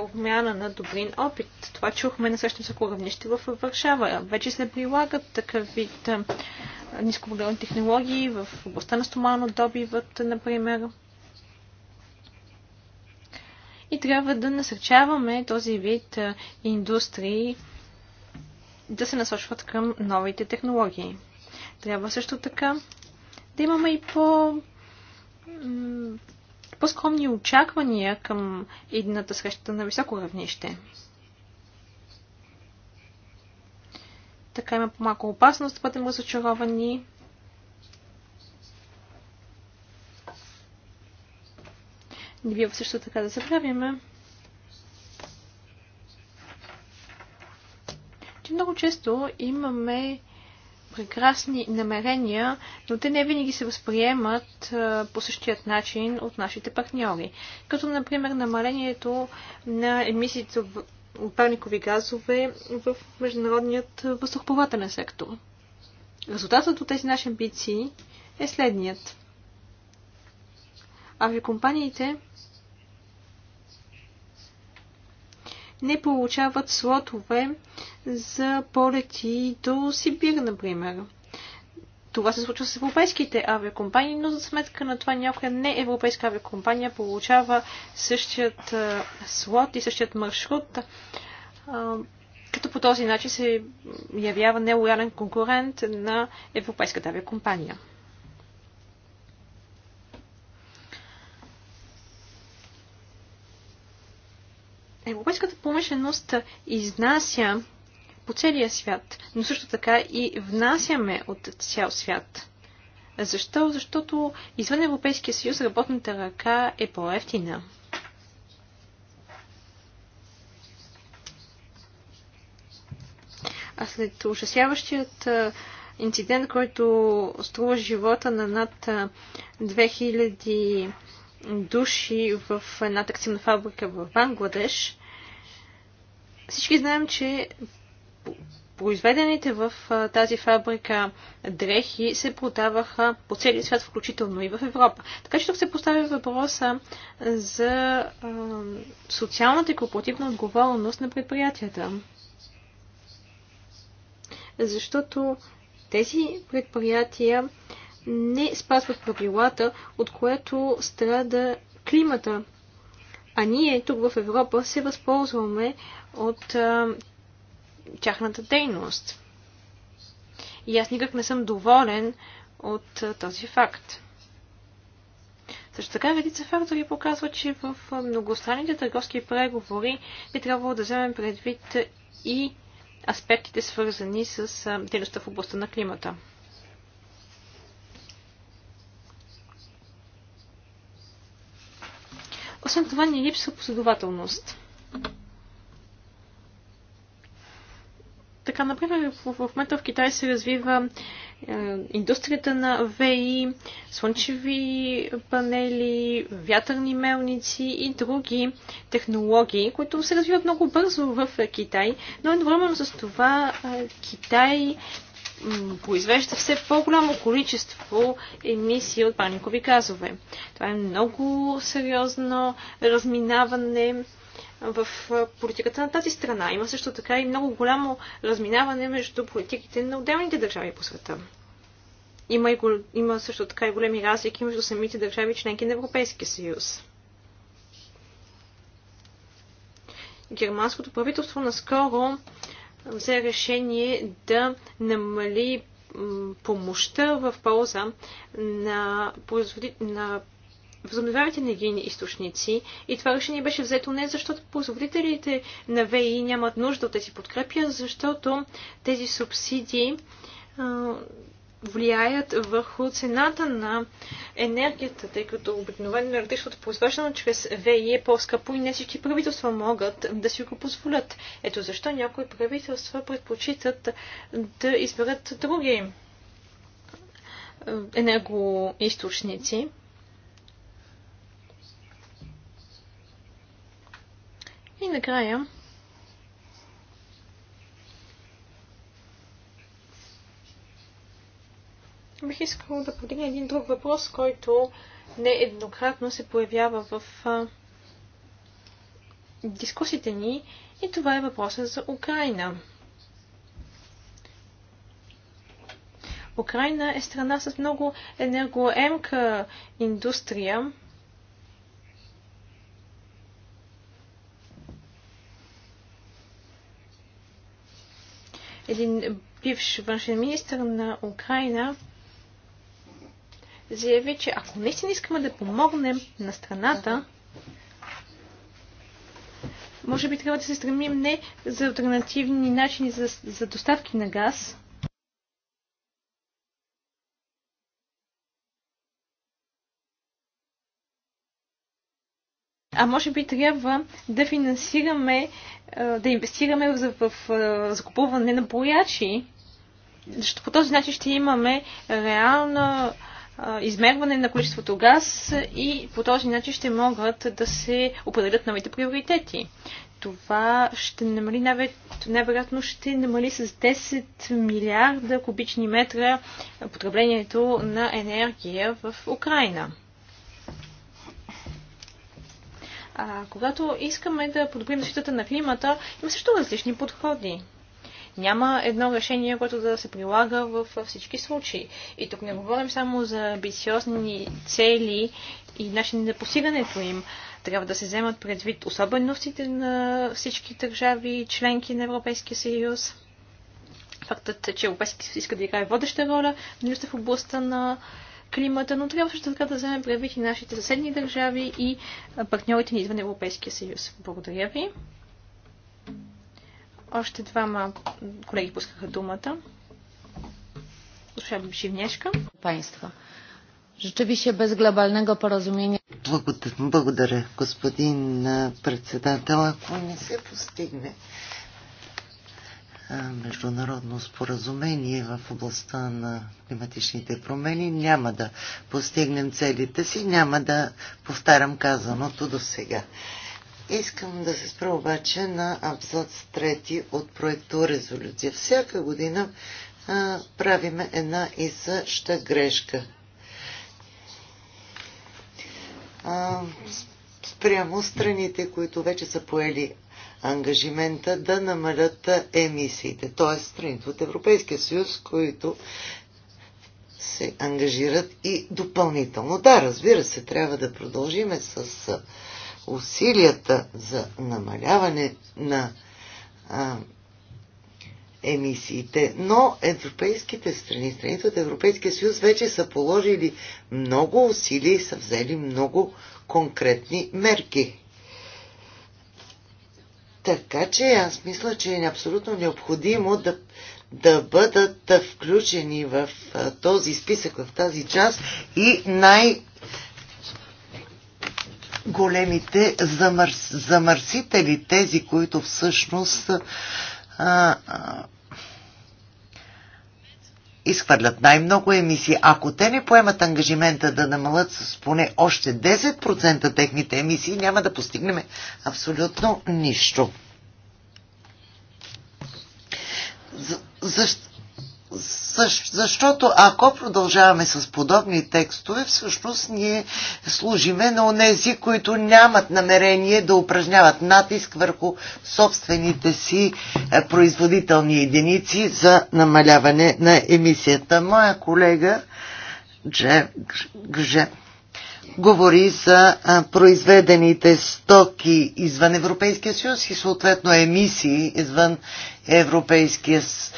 обмяна на добрин опит. Това чухме на същото всяко равнище в Варшава. Вече се прилагат такъв вид нисковъглеродни технологии в областта на стомано добивът, например. И трябва да насърчаваме този вид индустрии да се насочват към новите технологии. Трябва също така да имаме и по по-скромни очаквания към едната среща на високо равнище. Така има по-малко опасност да бъдем разочаровани. Не бива също така да забравяме, че много често имаме прекрасни намерения, но те не винаги се възприемат по същият начин от нашите партньори. Като, например, намалението на емисиите от парникови газове в международният въздухоплавателен сектор. Резултатът от тези наши амбиции е следният. Авиокомпаниите не получават слотове за полети до Сибир, например. Това се случва с европейските авиакомпании, но за сметка на това някоя не европейска авиакомпания получава същият слот и същият маршрут, като по този начин се явява нелоялен конкурент на европейската авиакомпания. Европейската промишленост изнася по целия свят, но също така и внасяме от цял свят. Защо? Защото извън Европейския съюз работната ръка е по-ефтина. А след ужасяващият инцидент, който струва живота на над 2000 души в една текстилна фабрика в Бангладеш. Всички знаем, че произведените в тази фабрика дрехи се продаваха по целия свят, включително и в Европа. Така че тук се поставя въпроса за социалната и корпоративна отговорност на предприятията. Защото тези предприятия не спазват правилата, от което страда климата. А ние тук в Европа се възползваме от а, тяхната дейност. И аз никак не съм доволен от а, този факт. Също така редица фактори показват, че в многостранните търговски преговори би трябвало да вземем предвид и аспектите свързани с дейността в областта на климата. Освен това ни липсва последователност. Така, например, в, момента в Китай се развива е, индустрията на ВИ, слънчеви панели, вятърни мелници и други технологии, които се развиват много бързо в Китай, но едновременно с това е, Китай произвежда все по-голямо количество емисии от парникови газове. Това е много сериозно разминаване в политиката на тази страна. Има също така и много голямо разминаване между политиките на отделните държави по света. Има, и, има също така и големи разлики между самите държави членки на Европейския съюз. Германското правителство наскоро взе решение да намали помощта в полза на, на възобновяемите енергийни източници и това решение беше взето не защото производителите на ВИ нямат нужда от тези подкрепи, а защото тези субсидии влияят върху цената на енергията, тъй като обикновено електричеството произвеждано чрез ВИ е по-скъпо и не всички правителства могат да си го позволят. Ето защо някои правителства предпочитат да изберат други е, енергоисточници. И накрая бих искал да подигна един друг въпрос, който нееднократно се появява в дискусите ни и това е въпросът за Украина. Украина е страна с много енергоемка индустрия. Един бивш външен министр на Украина заяви, че ако наистина искаме да помогнем на страната, може би трябва да се стремим не за альтернативни начини за, за доставки на газ, а може би трябва да финансираме, да инвестираме в, в, в закупуване на боячи, защото по този начин ще имаме реална измерване на количеството газ и по този начин ще могат да се определят новите приоритети. Това ще намали, най-вероятно ще намали с 10 милиарда кубични метра потреблението на енергия в Украина. А, когато искаме да подобрим защитата на климата, има също различни подходи. Няма едно решение, което да се прилага в всички случаи. И тук не говорим само за амбициозни цели и начин на постигането им. Трябва да се вземат предвид особеностите на всички държави, членки на Европейския съюз. Фактът, че Европейския съюз иска да играе водеща роля, не в областта на климата, но трябва също така да вземем предвид и нашите съседни държави и партньорите ни извън Европейския съюз. Благодаря ви. Още двама колеги пускаха думата. Госпожа Живнешка. Państwa. Rzeczywiście bez globalnego porozumienia. Благодаря, господин председател. Ако не се постигне международно споразумение в областта на климатичните промени, няма да постигнем целите си, няма да повтарям казаното до сега. Искам да се спра обаче на абзац трети от проекто резолюция. Всяка година а, правиме една и съща грешка. А, спрямо страните, които вече са поели ангажимента да намалят емисиите, т.е. страните от Европейския съюз, които се ангажират и допълнително. Да, разбира се, трябва да продължиме с усилията за намаляване на а, емисиите, но европейските страни, страните от Европейския съюз вече са положили много усилия и са взели много конкретни мерки. Така че аз мисля, че е абсолютно необходимо да, да бъдат включени в този списък, в тази част и най- големите замърсители, тези, които всъщност а, а, изхвърлят най-много емисии. Ако те не поемат ангажимента да намалят с поне още 10% техните емисии, няма да постигнем абсолютно нищо. За, защ... Защото ако продължаваме с подобни текстове, всъщност ние служиме на онези, които нямат намерение да упражняват натиск върху собствените си е, производителни единици за намаляване на емисията. Моя колега Дже, Гже, говори за е, произведените стоки извън Европейския съюз и съответно емисии извън Европейския съюз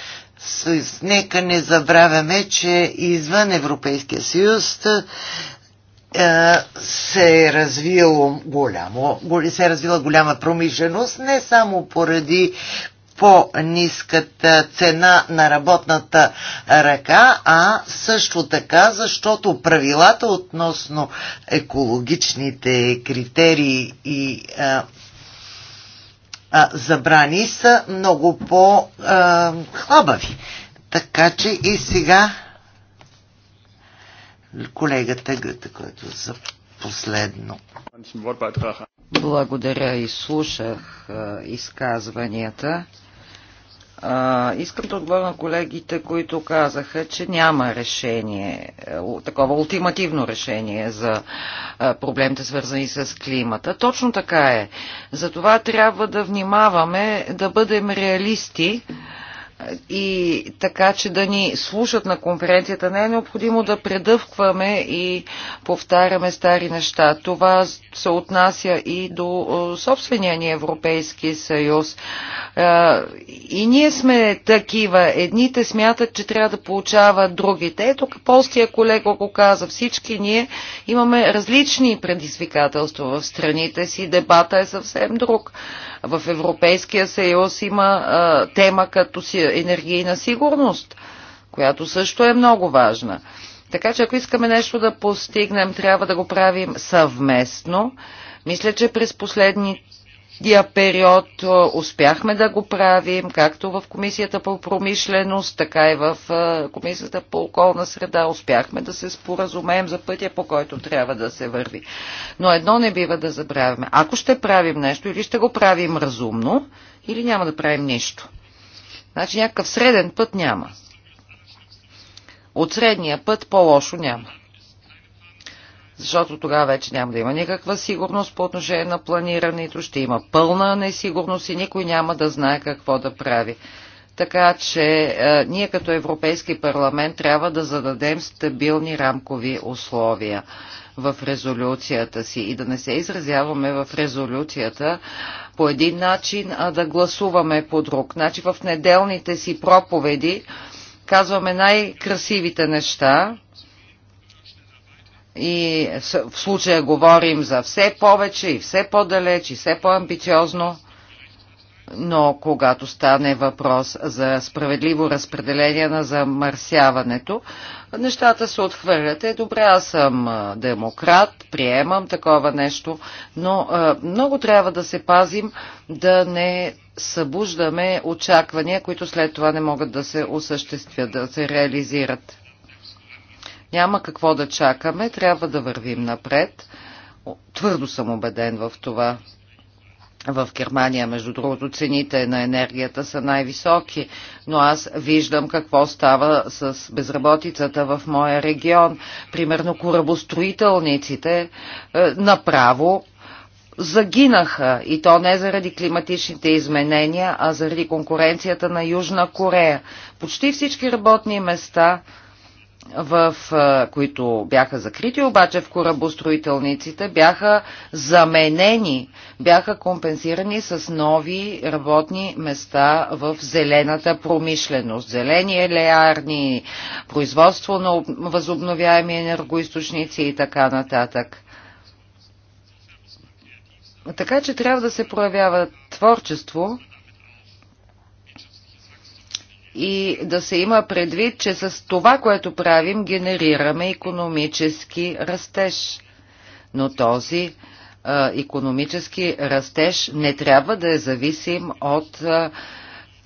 Нека не забравяме, че извън Европейския съюз е, се е развило голямо, се е развила голяма промишленост, не само поради по-ниската цена на работната ръка, а също така, защото правилата относно екологичните критерии и а, е, а, забрани са много по-хлабави. Така че и сега колегата Гъта, който е за последно. Благодаря и слушах изказванията. А, искам да отговоря на колегите, които казаха, че няма решение, е, такова ултимативно решение за е, проблемите свързани с климата. Точно така е. Затова трябва да внимаваме, да бъдем реалисти и така, че да ни слушат на конференцията. Не е необходимо да предъвкваме и повтаряме стари неща. Това се отнася и до собствения ни Европейски съюз. И ние сме такива. Едните смятат, че трябва да получават другите. Ето, полския колега го каза. Всички ние имаме различни предизвикателства в страните си. Дебата е съвсем друг. В Европейския съюз има а, тема като си, енергийна сигурност, която също е много важна. Така че ако искаме нещо да постигнем, трябва да го правим съвместно. Мисля, че през последните я период е, успяхме да го правим, както в Комисията по промишленост, така и в е, Комисията по околна среда. Успяхме да се споразумеем за пътя, по който трябва да се върви. Но едно не бива да забравяме. Ако ще правим нещо, или ще го правим разумно, или няма да правим нищо. Значи някакъв среден път няма. От средния път по-лошо няма защото тогава вече няма да има никаква сигурност по отношение на планирането, ще има пълна несигурност и никой няма да знае какво да прави. Така че е, ние като Европейски парламент трябва да зададем стабилни рамкови условия в резолюцията си и да не се изразяваме в резолюцията по един начин, а да гласуваме по друг. Значи в неделните си проповеди казваме най-красивите неща, и в случая говорим за все повече и все по-далеч и все по-амбициозно. Но когато стане въпрос за справедливо разпределение на замърсяването, нещата се отхвърлят. Е, добре, аз съм демократ, приемам такова нещо, но много трябва да се пазим да не събуждаме очаквания, които след това не могат да се осъществят, да се реализират. Няма какво да чакаме, трябва да вървим напред. Твърдо съм убеден в това. В Германия, между другото, цените на енергията са най-високи, но аз виждам какво става с безработицата в моя регион. Примерно корабостроителниците е, направо загинаха и то не заради климатичните изменения, а заради конкуренцията на Южна Корея. Почти всички работни места в, които бяха закрити, обаче в корабостроителниците бяха заменени, бяха компенсирани с нови работни места в зелената промишленост. Зелени елеарни, производство на възобновяеми енергоисточници и така нататък. Така че трябва да се проявява творчество, и да се има предвид, че с това, което правим, генерираме економически растеж. Но този а, економически растеж не трябва да е зависим от а,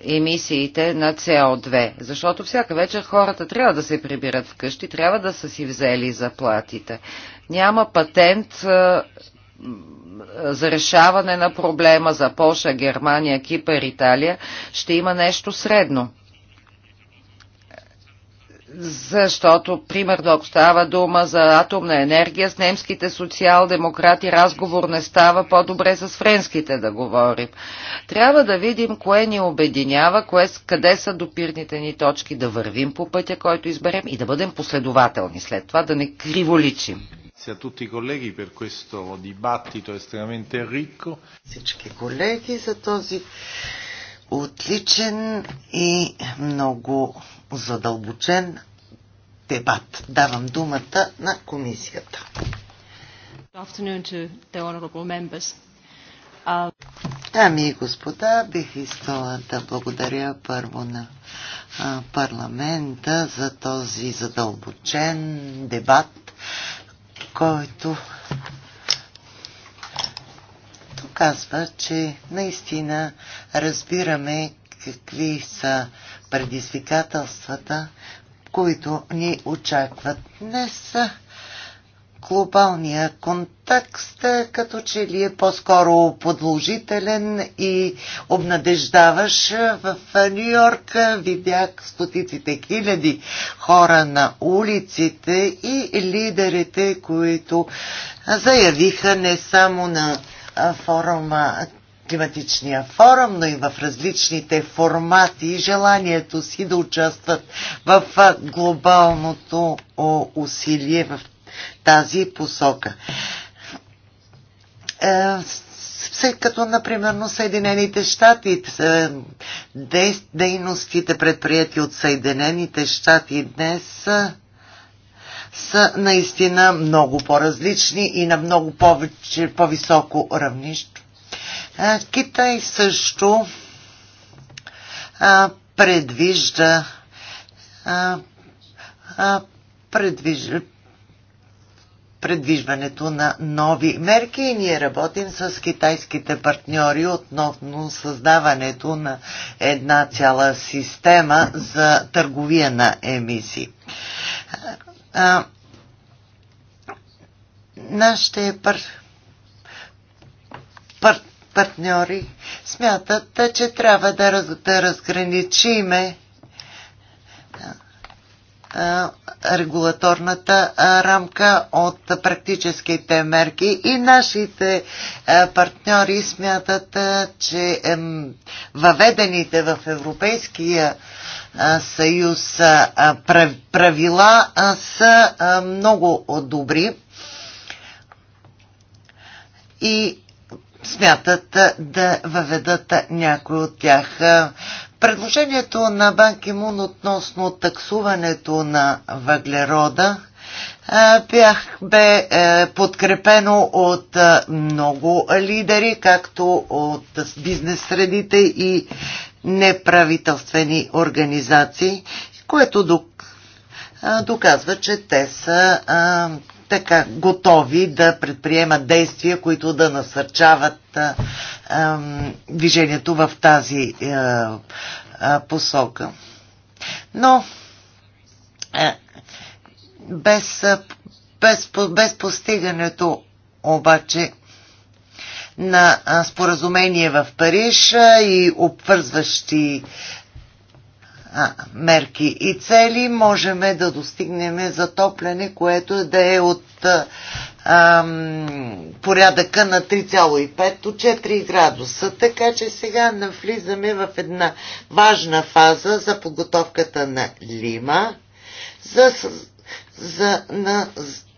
емисиите на CO2, защото всяка вечер хората трябва да се прибират вкъщи, трябва да са си взели заплатите. Няма патент а, за решаване на проблема за Польша, Германия, Кипър, Италия, ще има нещо средно защото, примерно, ако става дума за атомна енергия, с немските социал-демократи разговор не става по-добре с френските да говорим. Трябва да видим кое ни обединява, кое, къде са допирните ни точки, да вървим по пътя, който изберем и да бъдем последователни след това, да не криволичим. Всички колеги за този отличен и много задълбочен дебат. Давам думата на комисията. Дами и господа, бих искала да благодаря първо на парламента за този задълбочен дебат, който доказва, че наистина разбираме какви са предизвикателствата, които ни очакват днес. Глобалния контекст като че ли е по-скоро подложителен и обнадеждаваш. В Нью Йорк видях стотиците хиляди хора на улиците и лидерите, които заявиха не само на форума климатичния форум, но и в различните формати и желанието си да участват в глобалното усилие в тази посока. Е, След като, например, Съединените щати, е, дейностите предприяти от Съединените щати днес е, са наистина много по-различни и на много повече, по-високо равнище Китай също предвижда предвижването на нови мерки и ние работим с китайските партньори относно създаването на една цяла система за търговия на емисии. нашите партньори партньори смятат, че трябва да, раз, да разграничиме регулаторната рамка от практическите мерки и нашите партньори смятат, че въведените в Европейския съюз правила са много добри и смятат да въведат някой от тях. Предложението на Банки Мун относно таксуването на въглерода бях, бе е, подкрепено от много лидери, както от бизнес средите и неправителствени организации, което доказва, че те са така готови да предприемат действия, които да насърчават а, а, движението в тази а, е, а, посока. Но е, а, без, без, без постигането обаче на споразумение в Париж и обвързващи мерки и цели можем да достигнем затопляне, което да е от ам, порядъка на 3,5 до 4 градуса. Така че сега навлизаме в една важна фаза за подготовката на Лима, за, за, на,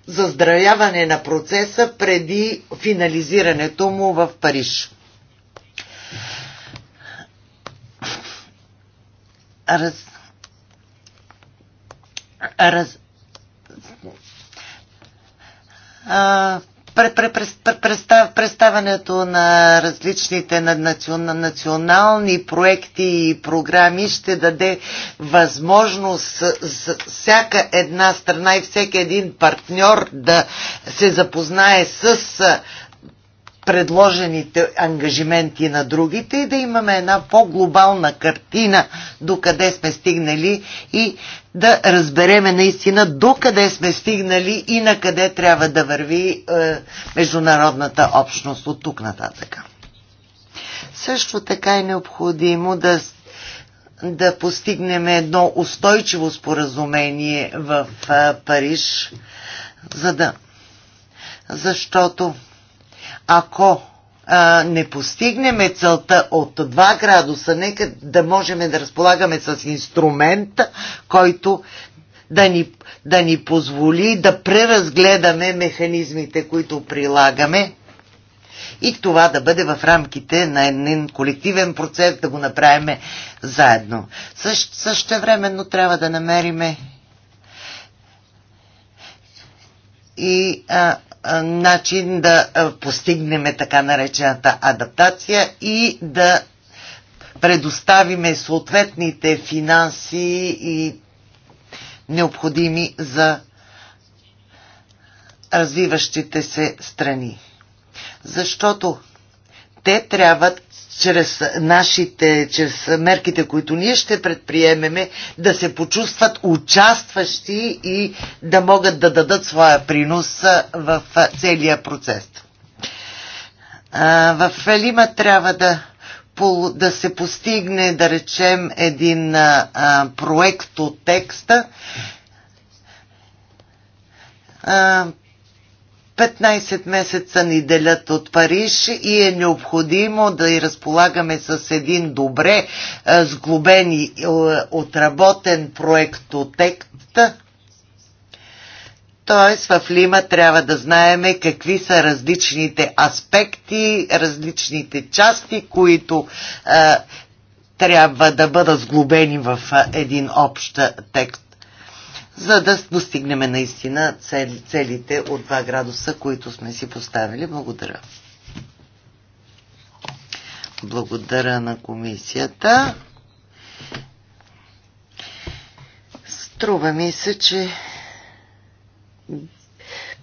заздравяване на процеса преди финализирането му в Париж. раз, раз, а, представането на различните национални проекти и програми ще даде възможност с всяка една страна и всеки един партньор да се запознае с предложените ангажименти на другите и да имаме една по-глобална картина до къде сме стигнали и да разбереме наистина до къде сме стигнали и на къде трябва да върви е, международната общност от тук нататък. Също така е необходимо да, да постигнем едно устойчиво споразумение в е, Париж, за да защото ако а, не постигнеме целта от 2 градуса, нека да можем да разполагаме с инструмент, който да ни, да ни позволи да преразгледаме механизмите, които прилагаме и това да бъде в рамките на един колективен процес, да го направим заедно. Също, времено трябва да намериме и а, начин да постигнем така наречената адаптация и да предоставиме съответните финанси и необходими за развиващите се страни. Защото те трябва чрез нашите, чрез мерките, които ние ще предприемеме, да се почувстват участващи и да могат да дадат своя принос в целия процес. В Лима трябва да, да се постигне, да речем, един проект от текста, 15 месеца ни делят от Париж и е необходимо да и разполагаме с един добре е, сглобен и е, отработен проектотект. Тоест в Лима трябва да знаеме какви са различните аспекти, различните части, които е, трябва да бъдат сглобени в е, един общ текст за да достигнем наистина цели, целите от 2 градуса, които сме си поставили. Благодаря. Благодаря на комисията. Струва ми се, че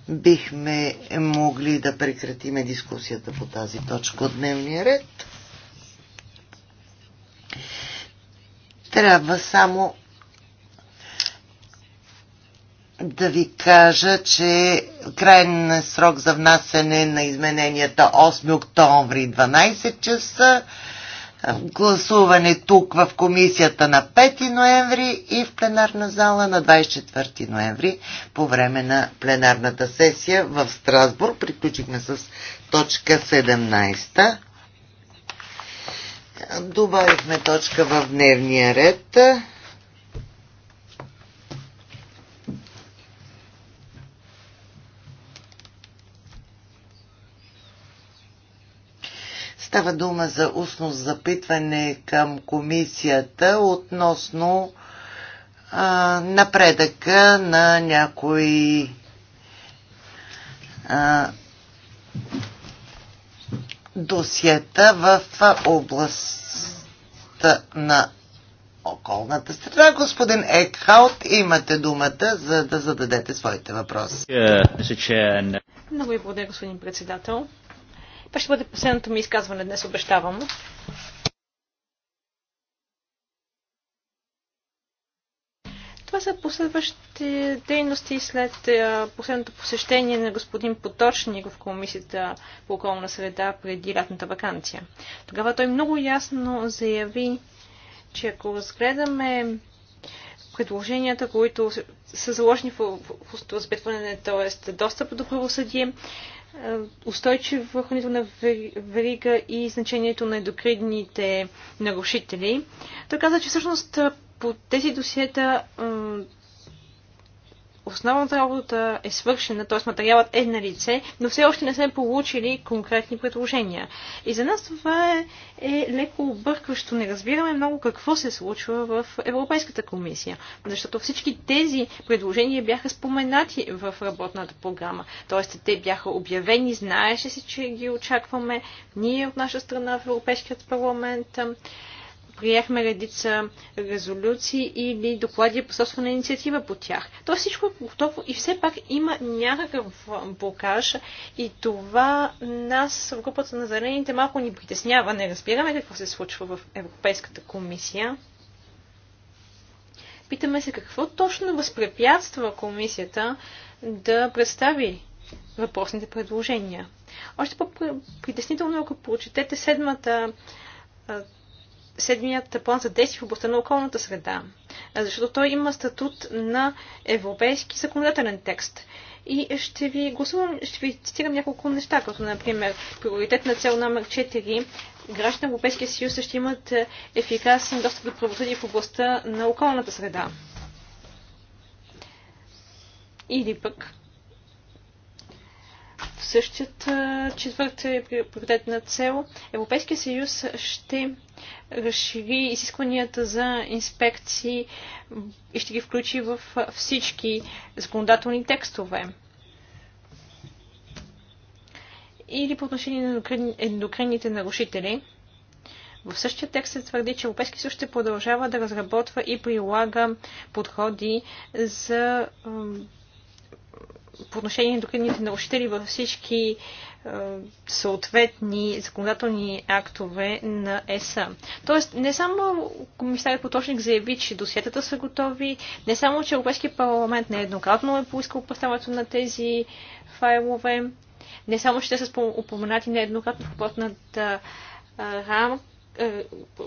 бихме могли да прекратиме дискусията по тази точка от дневния ред. Трябва само да ви кажа, че крайен срок за внасене на измененията 8 октомври 12 часа, гласуване тук в комисията на 5 ноември и в пленарна зала на 24 ноември по време на пленарната сесия в Страсбург. Приключихме с точка 17. Добавихме точка в дневния ред. Става дума за устно запитване към комисията относно а, напредъка на някои а, досиета в областта на околната страна. Господин Екхаут, имате думата, за да зададете своите въпроси. Е, е Много ви благодаря, господин председател. Това ще бъде последното ми изказване днес, обещавам. Това са последващите дейности след е, последното посещение на господин Поточник в Комисията по околна среда преди лятната вакансия. Тогава той много ясно заяви, че ако разгледаме предложенията, които са заложени в, устройството, т.е. достъп до правосъдие, е, устойчива хранителна верига и значението на едокридните нарушители. Той каза, че всъщност е, по тези досиета е, основната работа е свършена, т.е. материалът е на лице, но все още не сме получили конкретни предложения. И за нас това е, е леко объркващо. Не разбираме много какво се случва в Европейската комисия, защото всички тези предложения бяха споменати в работната програма. Т.е. те бяха обявени, знаеше се, че ги очакваме ние от наша страна в Европейският парламент приехме редица резолюции или доклади по собствена инициатива по тях. То е всичко е готово и все пак има някакъв блокаж и това нас в групата на зелените малко ни притеснява. Не разбираме какво се случва в Европейската комисия. Питаме се какво точно възпрепятства комисията да представи въпросните предложения. Още по-притеснително, е, ако прочетете седмата седмият план за действие в областта на околната среда, защото той има статут на европейски законодателен текст. И ще ви, гласувам, ще ви цитирам няколко неща, като например приоритет на цел номер 4 граждани на Европейския съюз ще имат ефикасен достъп до правосъдие в областта на околната среда. Или пък в същата четвърта е приоритетна цел Европейския съюз ще разшири изискванията за инспекции и ще ги включи в всички законодателни текстове. Или по отношение на ендокринните нарушители. В същия текст се твърди, че Европейски съюз ще продължава да разработва и прилага подходи за по отношение на доктринните нарушители във всички е, съответни законодателни актове на ЕСА. Тоест, не само комисарят Поточник заяви, че досиетата са готови, не само, че Европейския парламент нееднократно е поискал представянето на тези файлове, не само, че те са упоменати нееднократно в работната рамка,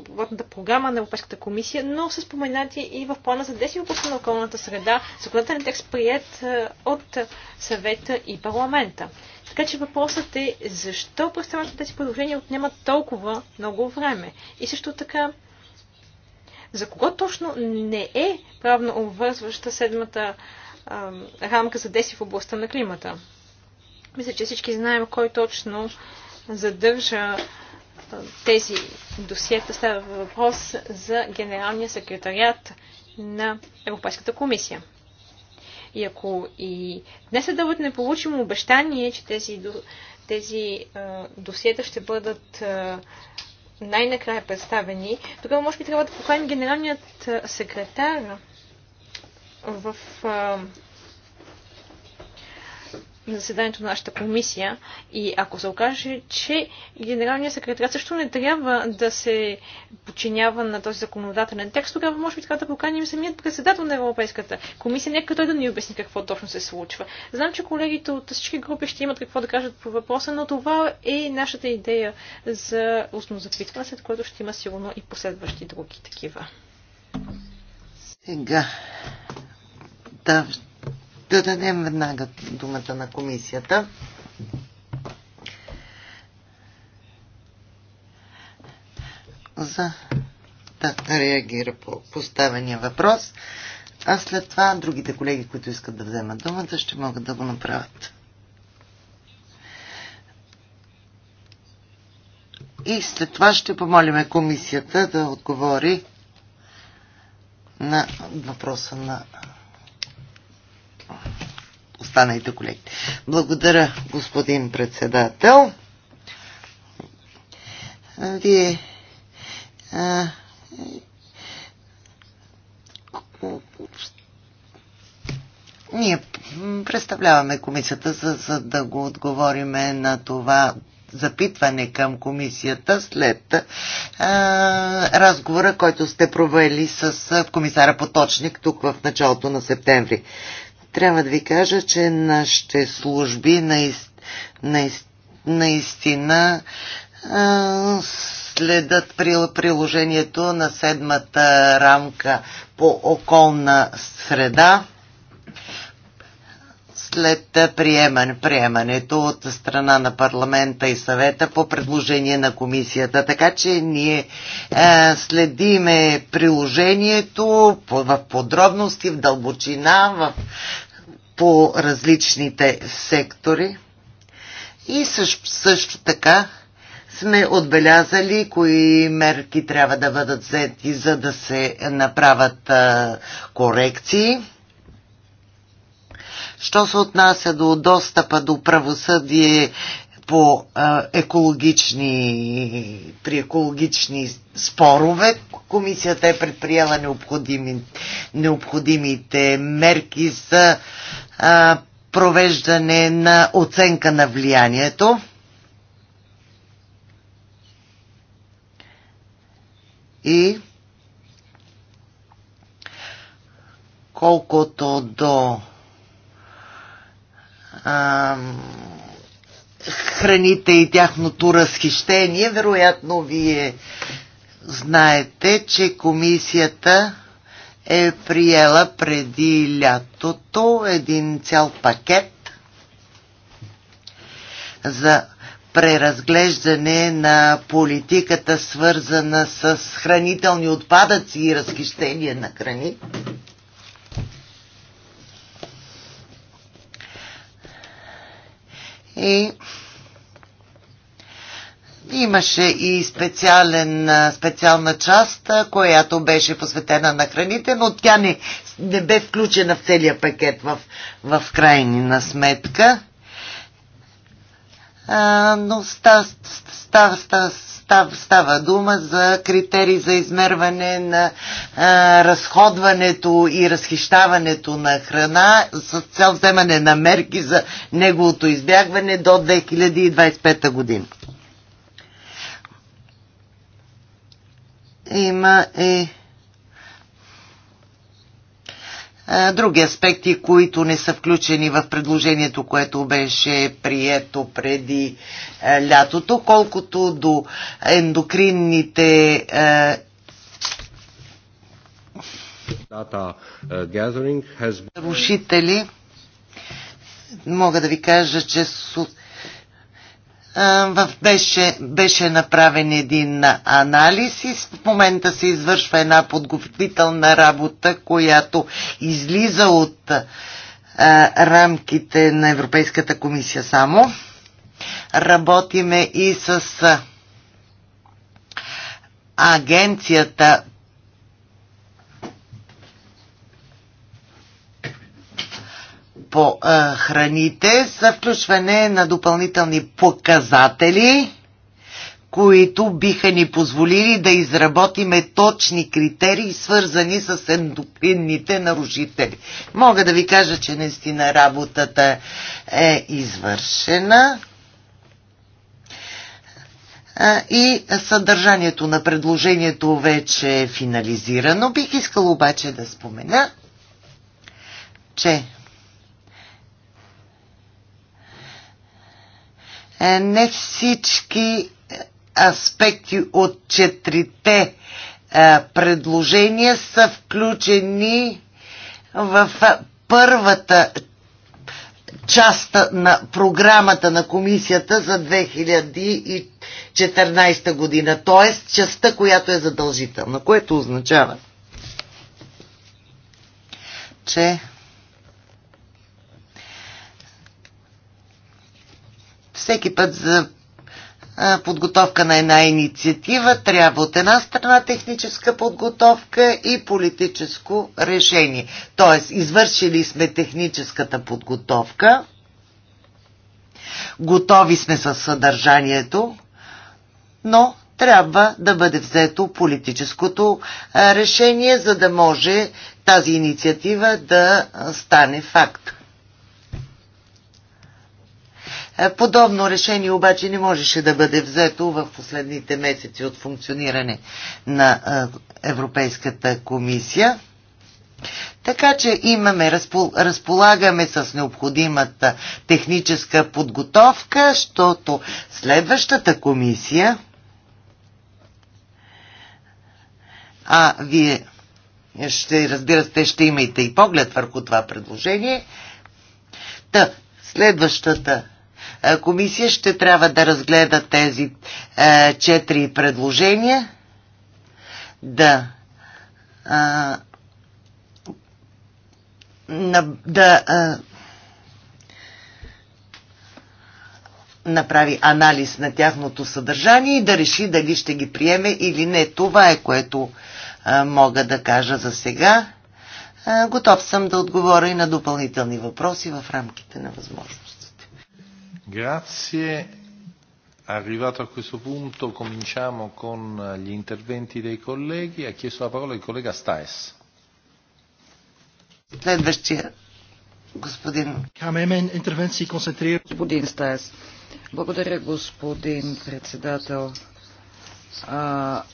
водната е, програма на Европейската комисия, но са споменати и в плана за действие в на околната среда, законодателен текст прият е, от съвета и парламента. Така че въпросът е защо представянето тези предложения отнемат толкова много време. И също така, за кого точно не е правно обвързваща седмата а, е, рамка за действие в областта на климата? Мисля, че всички знаем кой точно задържа тези досиета става въпрос за Генералния секретариат на Европейската комисия. И ако и днес е дълът не получим обещание, че тези, тези а, досиета ще бъдат най-накрая представени, тогава може би трябва да поканим генералният секретар в а, на заседанието на нашата комисия и ако се окаже, че генералният секретар също не трябва да се подчинява на този законодателен текст, тогава може би така да поканим самият председател на Европейската комисия. Нека той да ни обясни какво точно се случва. Знам, че колегите от всички групи ще имат какво да кажат по въпроса, но това е нашата идея за устно запитване, след което ще има сигурно и последващи други такива. Сега. Да, да дадем веднага думата на комисията. За да реагира по поставения въпрос. А след това другите колеги, които искат да вземат думата, ще могат да го направят. И след това ще помолиме комисията да отговори на въпроса на останалите колеги. Благодаря, господин председател. Вие а, ние представляваме комисията, за, за да го отговориме на това запитване към комисията след а, разговора, който сте провели с комисара Поточник тук в началото на септември. Трябва да ви кажа, че нашите служби наистина, следат приложението на седмата рамка по околна среда след приемането от страна на парламента и съвета по предложение на комисията. Така че ние е, следиме приложението в подробности, в дълбочина, в по различните сектори. И също, също така сме отбелязали кои мерки трябва да бъдат взети, за да се направят а, корекции. Що се отнася до достъпа до правосъдие по екологични, при екологични спорове. Комисията е предприела необходими, необходимите мерки за а, провеждане на оценка на влиянието. И колкото до а, храните и тяхното разхищение. Вероятно вие знаете, че комисията е приела преди лятото един цял пакет за преразглеждане на политиката, свързана с хранителни отпадъци и разхищение на храни. И Имаше и специален, специална част, която беше посветена на храните, но тя не, не бе включена в целия пакет в, в крайна сметка но става, става, става, става, става дума за критерии за измерване на а, разходването и разхищаването на храна с цел вземане на мерки за неговото избягване до 2025 година. Има и други аспекти, които не са включени в предложението, което беше прието преди лятото, колкото до ендокринните нарушители. Мога да ви кажа, че беше, беше направен един анализ и в момента се извършва една подготвителна работа, която излиза от а, рамките на Европейската комисия само. Работиме и с агенцията по а, храните за включване на допълнителни показатели, които биха ни позволили да изработиме точни критерии, свързани с ендокринните нарушители. Мога да ви кажа, че наистина работата е извършена и съдържанието на предложението вече е финализирано. Бих искал обаче да спомена, че Е, не всички е, аспекти от четирите е, предложения са включени в първата част на програмата на комисията за 2014 година, т.е. частта, която е задължителна, което означава, че всеки път за подготовка на една инициатива трябва от една страна техническа подготовка и политическо решение. Тоест, извършили сме техническата подготовка, готови сме с съдържанието, но трябва да бъде взето политическото решение, за да може тази инициатива да стане факт. Е, подобно решение обаче не можеше да бъде взето в последните месеци от функциониране на е, Европейската комисия. Така че имаме, разполагаме с необходимата техническа подготовка, защото следващата комисия, а вие ще, разбира се, ще имате и поглед върху това предложение, та следващата комисия ще трябва да разгледа тези е, четири предложения, да, е, на, да е, направи анализ на тяхното съдържание и да реши дали ще ги приеме или не. Това е което е, мога да кажа за сега. Готов съм да отговоря и на допълнителни въпроси в рамките на възможност. Grazie. Arrivato a questo punto cominciamo con gli interventi dei colleghi. Ha chiesto la parola il collega Staes. Господин Стаес. Благодаря, господин председател. А,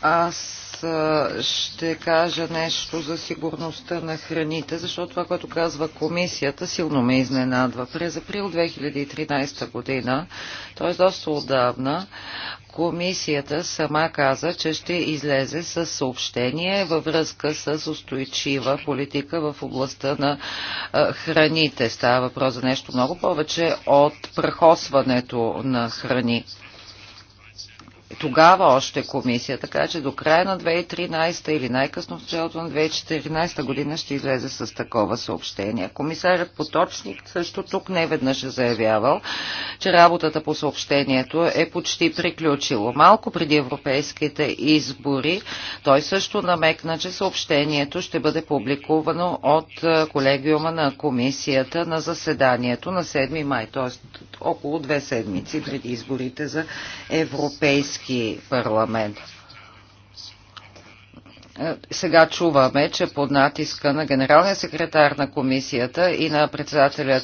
аз аз ще кажа нещо за сигурността на храните, защото това, което казва комисията, силно ме изненадва. През април 2013 година, т.е. доста отдавна, комисията сама каза, че ще излезе с съобщение във връзка с устойчива политика в областта на храните. Става въпрос за нещо много повече от прахосването на храни тогава още комисията, така че до края на 2013 или най-късно в началото на 2014 година ще излезе с такова съобщение. Комисарят Поточник също тук не веднъж е заявявал, че работата по съобщението е почти приключило. Малко преди европейските избори той също намекна, че съобщението ще бъде публикувано от е, колегиума на комисията на заседанието на 7 май, т.е. около две седмици преди изборите за европейски Европейски парламент. Е, сега чуваме, че под натиска на генералния секретар на комисията и на председателя е,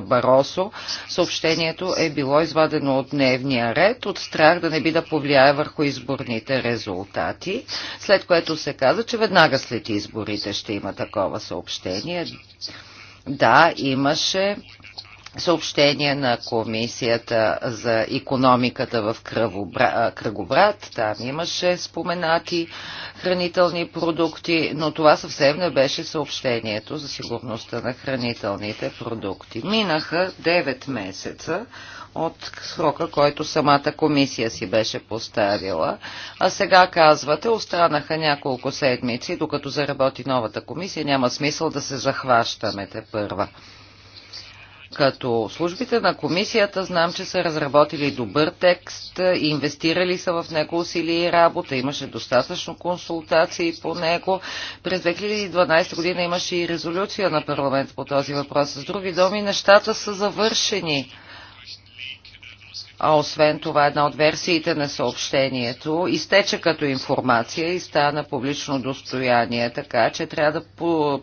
Баросо съобщението е било извадено от дневния ред, от страх да не би да повлияе върху изборните резултати, след което се каза, че веднага след изборите ще има такова съобщение. Да, имаше съобщение на комисията за економиката в Кръгобрат. Там имаше споменати хранителни продукти, но това съвсем не беше съобщението за сигурността на хранителните продукти. Минаха 9 месеца от срока, който самата комисия си беше поставила. А сега казвате, останаха няколко седмици, докато заработи новата комисия, няма смисъл да се захващаме те първа. Като службите на комисията знам, че са разработили добър текст, инвестирали са в него усилия и работа, имаше достатъчно консултации по него. През 2012 година имаше и резолюция на парламент по този въпрос. С други думи, нещата са завършени а освен това една от версиите на съобщението изтече като информация и стана публично достояние, така че трябва да по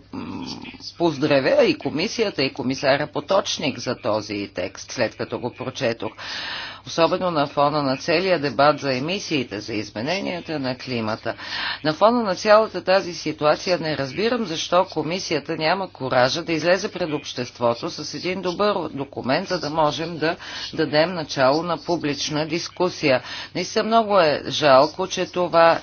поздравя и комисията, и комисара Поточник за този текст, след като го прочетох особено на фона на целия дебат за емисиите, за измененията на климата. На фона на цялата тази ситуация не разбирам защо комисията няма коража да излезе пред обществото с един добър документ, за да можем да дадем начало на публична дискусия. Наистина много е жалко, че това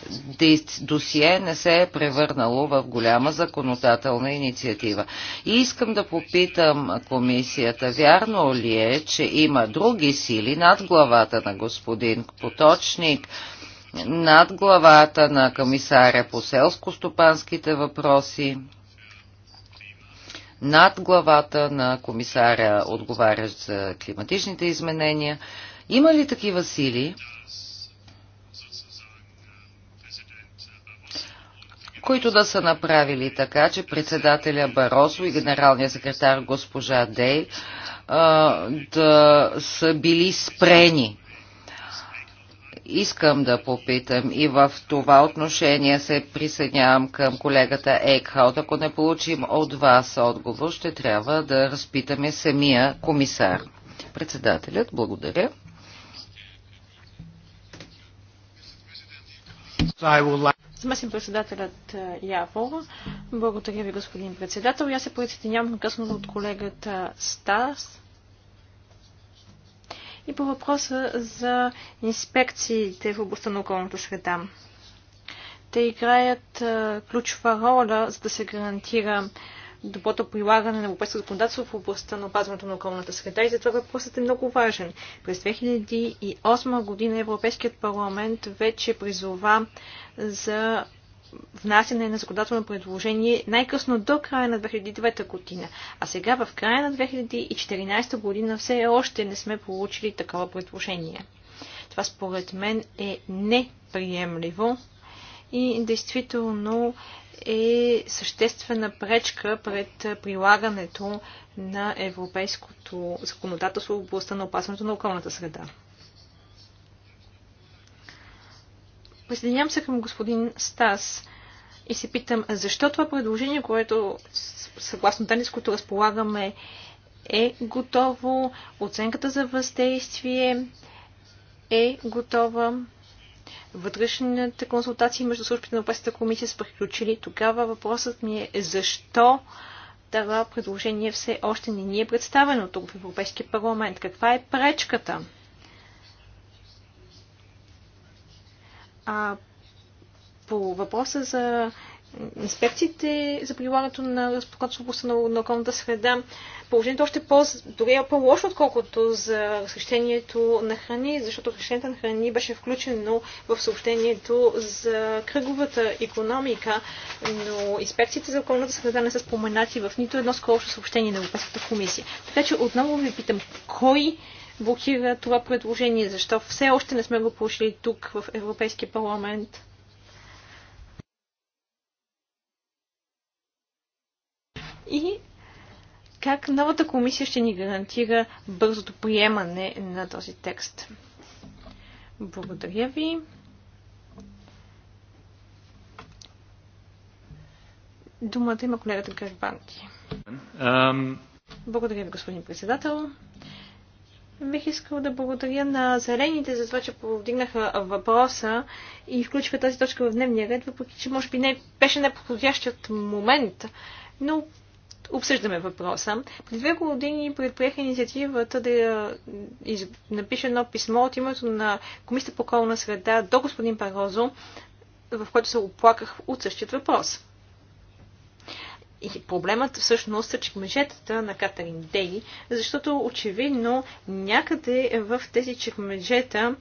досие не се е превърнало в голяма законодателна инициатива. И искам да попитам комисията, вярно ли е, че има други сили над главата на господин Поточник, над главата на комисаря по селско-стопанските въпроси, над главата на комисаря, отговарящ за климатичните изменения. Има ли такива сили, които да са направили така, че председателя Баросо и генералния секретар госпожа Дей а, да са били спрени искам да попитам и в това отношение се присъединявам към колегата Ейкхаут. Ако не получим от вас отговор, ще трябва да разпитаме самия комисар. Председателят, благодаря. Смесен председателят е, Явор. Благодаря ви, господин председател. Я се присъединявам късно от колегата Стас. И по въпроса за инспекциите в областта на околната среда. Те играят е, ключова роля, за да се гарантира доброто прилагане на европейското законодателство в областта на опазването на околната среда и затова въпросът е много важен. През 2008 година Европейският парламент вече призова за внасяне на законодателно предложение най-късно до края на 2009 година. А сега в края на 2014 година все още не сме получили такова предложение. Това според мен е неприемливо и действително е съществена пречка пред прилагането на европейското законодателство в областта на опасването на околната среда. Присъединявам се към господин Стас и се питам, защо това предложение, което съгласно данни, с които разполагаме, е готово, оценката за въздействие е готова. Вътрешните консултации между службите на Европейската комисия са приключили. Тогава въпросът ми е защо това предложение все още не ни е представено тук в Европейския парламент. Каква е пречката? А по въпроса за инспекциите за прилагането на разпокътството на, на околната среда, положението е още по, дори е по-лошо, отколкото за разрешението на храни, защото разрешението на храни беше включено в съобщението за кръговата економика, но инспекциите за околната среда не са споменати в нито едно скоро съобщение на Европейската комисия. Така че отново ви питам, кой блокира това предложение? Защо все още не сме го получили тук в Европейския парламент? и как новата комисия ще ни гарантира бързото приемане на този текст. Благодаря ви. Думата има колегата Гарбанти. Um... Благодаря ви, господин председател. Бих искал да благодаря на зелените за това, че повдигнаха въпроса и включиха тази точка в дневния ред, въпреки че може би не беше неподходящият момент. Но обсъждаме въпроса. Преди две години предприеха инициативата да из... напише едно писмо от името на Комисията по околна среда до господин Парозо, в което се оплаках от същият въпрос. И проблемът всъщност е чекмеджетата на Катарин Дей, защото очевидно някъде в тези чекмеджета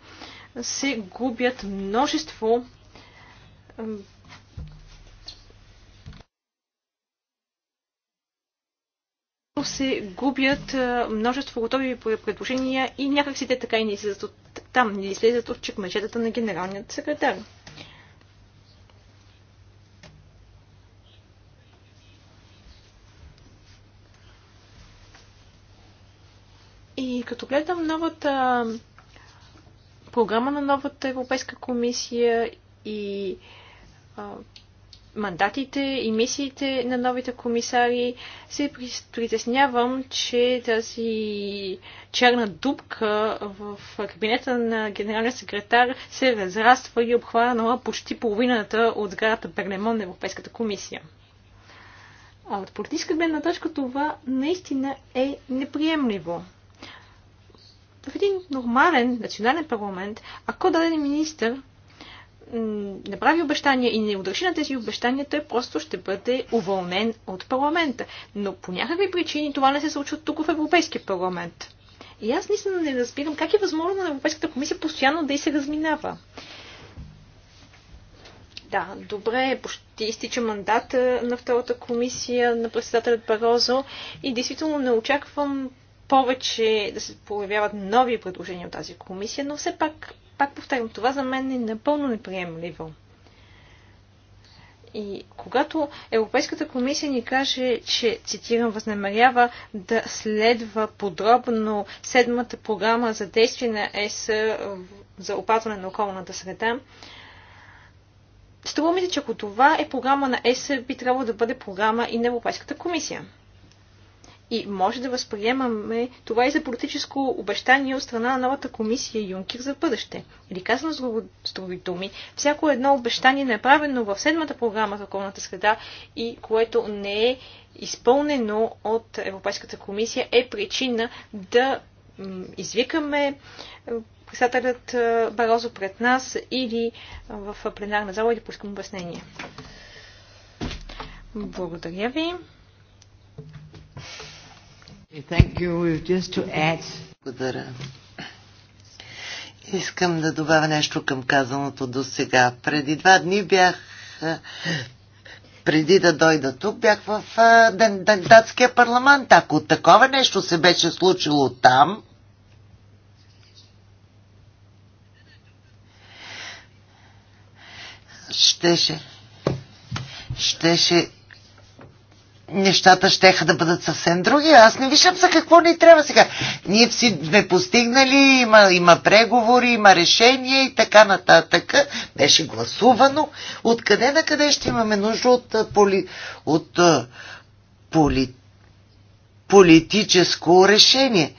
се губят множество се губят множество готови предложения и някакси те така и не излизат от там, не излизат от чекмечетата на генералният секретар. И като гледам новата програма на новата Европейска комисия и мандатите и мисиите на новите комисари, се притеснявам, че тази черна дупка в кабинета на генералния секретар се разраства и обхванала почти половината от сградата Берлемон на Европейската комисия. А от политическа гледна точка това наистина е неприемливо. В един нормален национален парламент, ако даден министр направи обещания и не удържи на тези обещания, той просто ще бъде уволнен от парламента. Но по някакви причини това не се случва тук в Европейския парламент. И аз наистина не разбирам как е възможно на Европейската комисия постоянно да и се разминава. Да, добре, почти изтича мандата на втората комисия на председателят Барозо и действително не очаквам повече да се появяват нови предложения от тази комисия, но все пак пак повтарям, това за мен е напълно неприемливо. И когато Европейската комисия ни каже, че, цитирам, възнамерява да следва подробно седмата програма за действие на ЕС е, за опазване на околната среда, струва ми се, че ако това е програма на ЕС, би трябвало да бъде програма и на Европейската комисия. И може да възприемаме това и за политическо обещание от страна на новата комисия Юнкер за бъдеще. Или казано с други думи, всяко едно обещание е направено в седмата програма за околната среда и което не е изпълнено от Европейската комисия е причина да извикаме е, председателят е, Барозо пред нас или в пленарна зала и да поискам обяснение. Благодаря ви. Благодаря. Искам да добавя нещо към казаното до сега. Преди два дни бях, преди да дойда тук, бях в датския парламент. Ако такова нещо се беше случило там, щеше, щеше нещата ще да бъдат съвсем други. Аз не виждам за какво ни трябва сега. Ние си сме постигнали, има, има преговори, има решения и така нататък. Беше гласувано. Откъде на къде ще имаме нужда от, поли, от поли, политическо решение?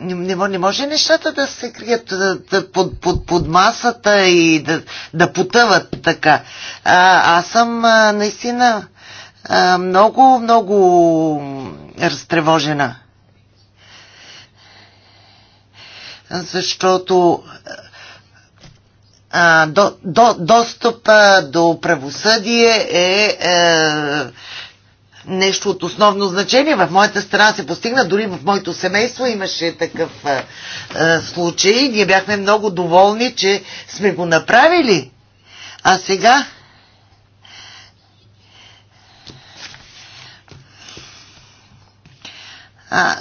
не, не може нещата да се крият да, да, под, под, под масата и да, да потъват така. А, аз съм а, наистина а, много, много разтревожена. Защото а, до, до, достъпа до правосъдие е, е нещо от основно значение. В моята страна се постигна, дори в моето семейство имаше такъв а, а, случай. Ние бяхме много доволни, че сме го направили. А сега. А,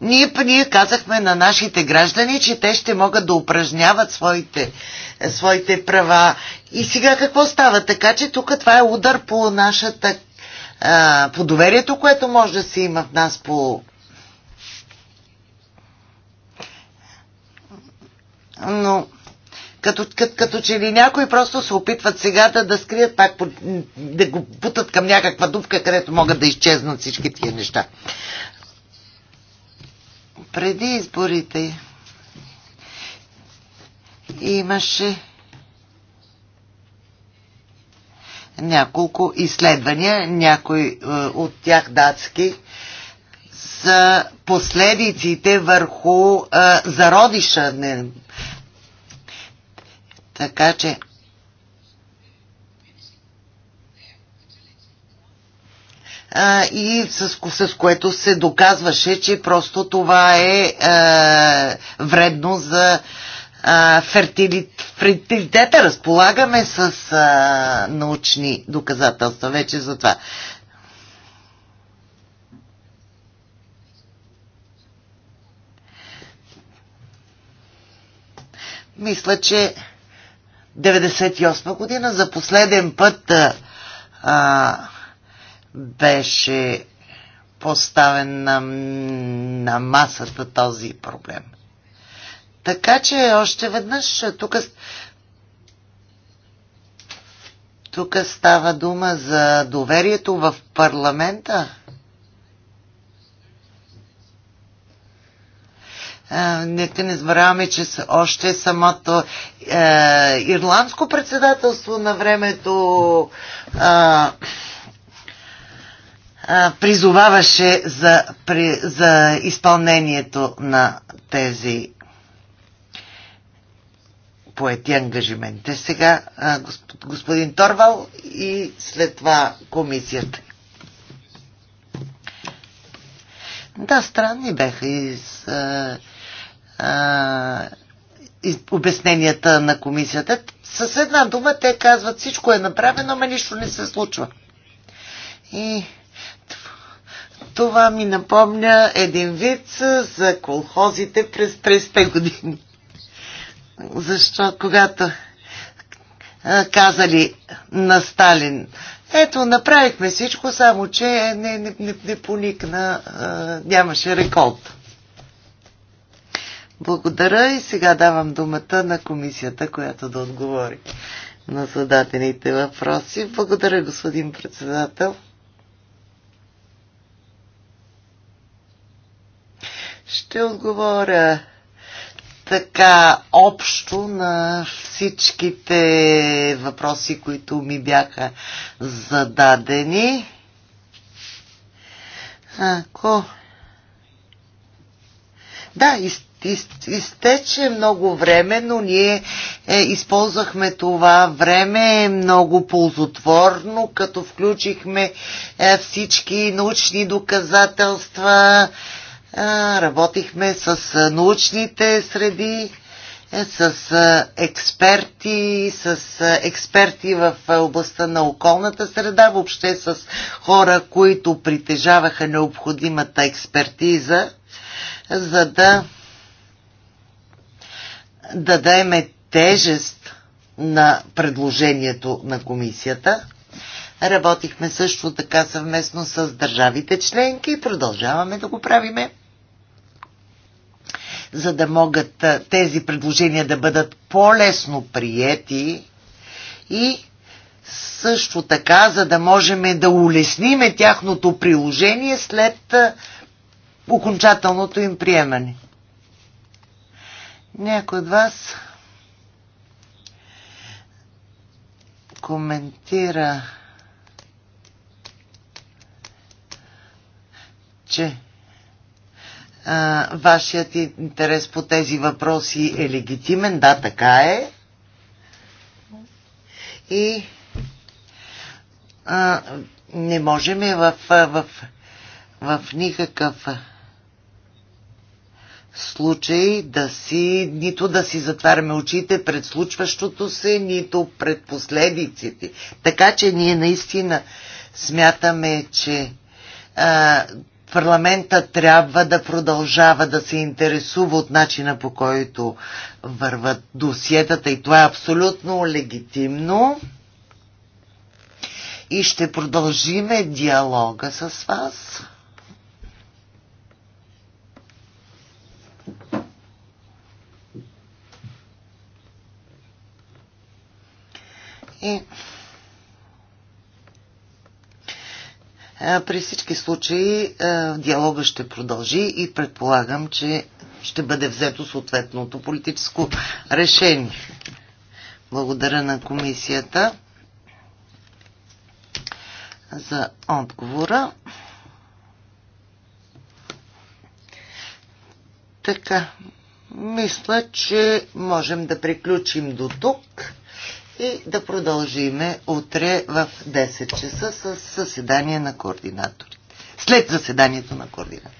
ние, ние казахме на нашите граждани, че те ще могат да упражняват своите, своите права. И сега какво става? Така че тук това е удар по нашата а, по доверието, което може да се има в нас по но като, като, като че ли някои просто се опитват сега да, да скрият пак, да го путат към някаква дупка, където могат да изчезнат всички тия неща. Преди изборите имаше няколко изследвания, някои е, от тях датски, за последиците върху е, зародиша. Така че. и с, с което се доказваше, че просто това е е вредно за е, фертилитета разполагаме с а, научни доказателства вече за това. Мисля, че 98 година за последен път а, беше поставен на, на масата този проблем. Така че още веднъж тук тук става дума за доверието в парламента. Нека не забравяме, че още самото е, ирландско председателство на времето е, е, призоваваше за, при, за изпълнението на тези поети ангажименти. Сега господин Торвал и след това комисията. Да, странни бяха с а, а, и обясненията на комисията. С една дума те казват всичко е направено, но нищо не се случва. И това ми напомня един вид за колхозите през 30-те години. Защо, когато казали на Сталин, ето, направихме всичко, само че не, не, не, не поникна, а, нямаше реколт. Благодаря и сега давам думата на комисията, която да отговори на зададените въпроси. Благодаря, господин председател. Ще отговоря така общо на всичките въпроси, които ми бяха зададени. Ако... Да, из, из, изтече много време, но ние е, използвахме това време много ползотворно, като включихме е, всички научни доказателства, е, работихме с научните среди, е, с експерти, с експерти в областта на околната среда, въобще с хора, които притежаваха необходимата експертиза, за да дадеме тежест на предложението на комисията. Работихме също така съвместно с държавите членки и продължаваме да го правиме за да могат тези предложения да бъдат по-лесно приети и също така, за да можем да улесниме тяхното приложение след окончателното им приемане. Някой от вас коментира, че вашият интерес по тези въпроси е легитимен. Да, така е. И а, не можем в, в, в никакъв случай да си, нито да си затваряме очите пред случващото се, нито пред последиците. Така че ние наистина смятаме, че а, парламента трябва да продължава да се интересува от начина по който върват досиетата и това е абсолютно легитимно. И ще продължиме диалога с вас. И Е, при всички случаи е, диалога ще продължи и предполагам, че ще бъде взето съответното политическо решение. Благодаря на комисията за отговора. Така, мисля, че можем да приключим до тук и да продължиме утре в 10 часа с заседание на координаторите. След заседанието на координаторите.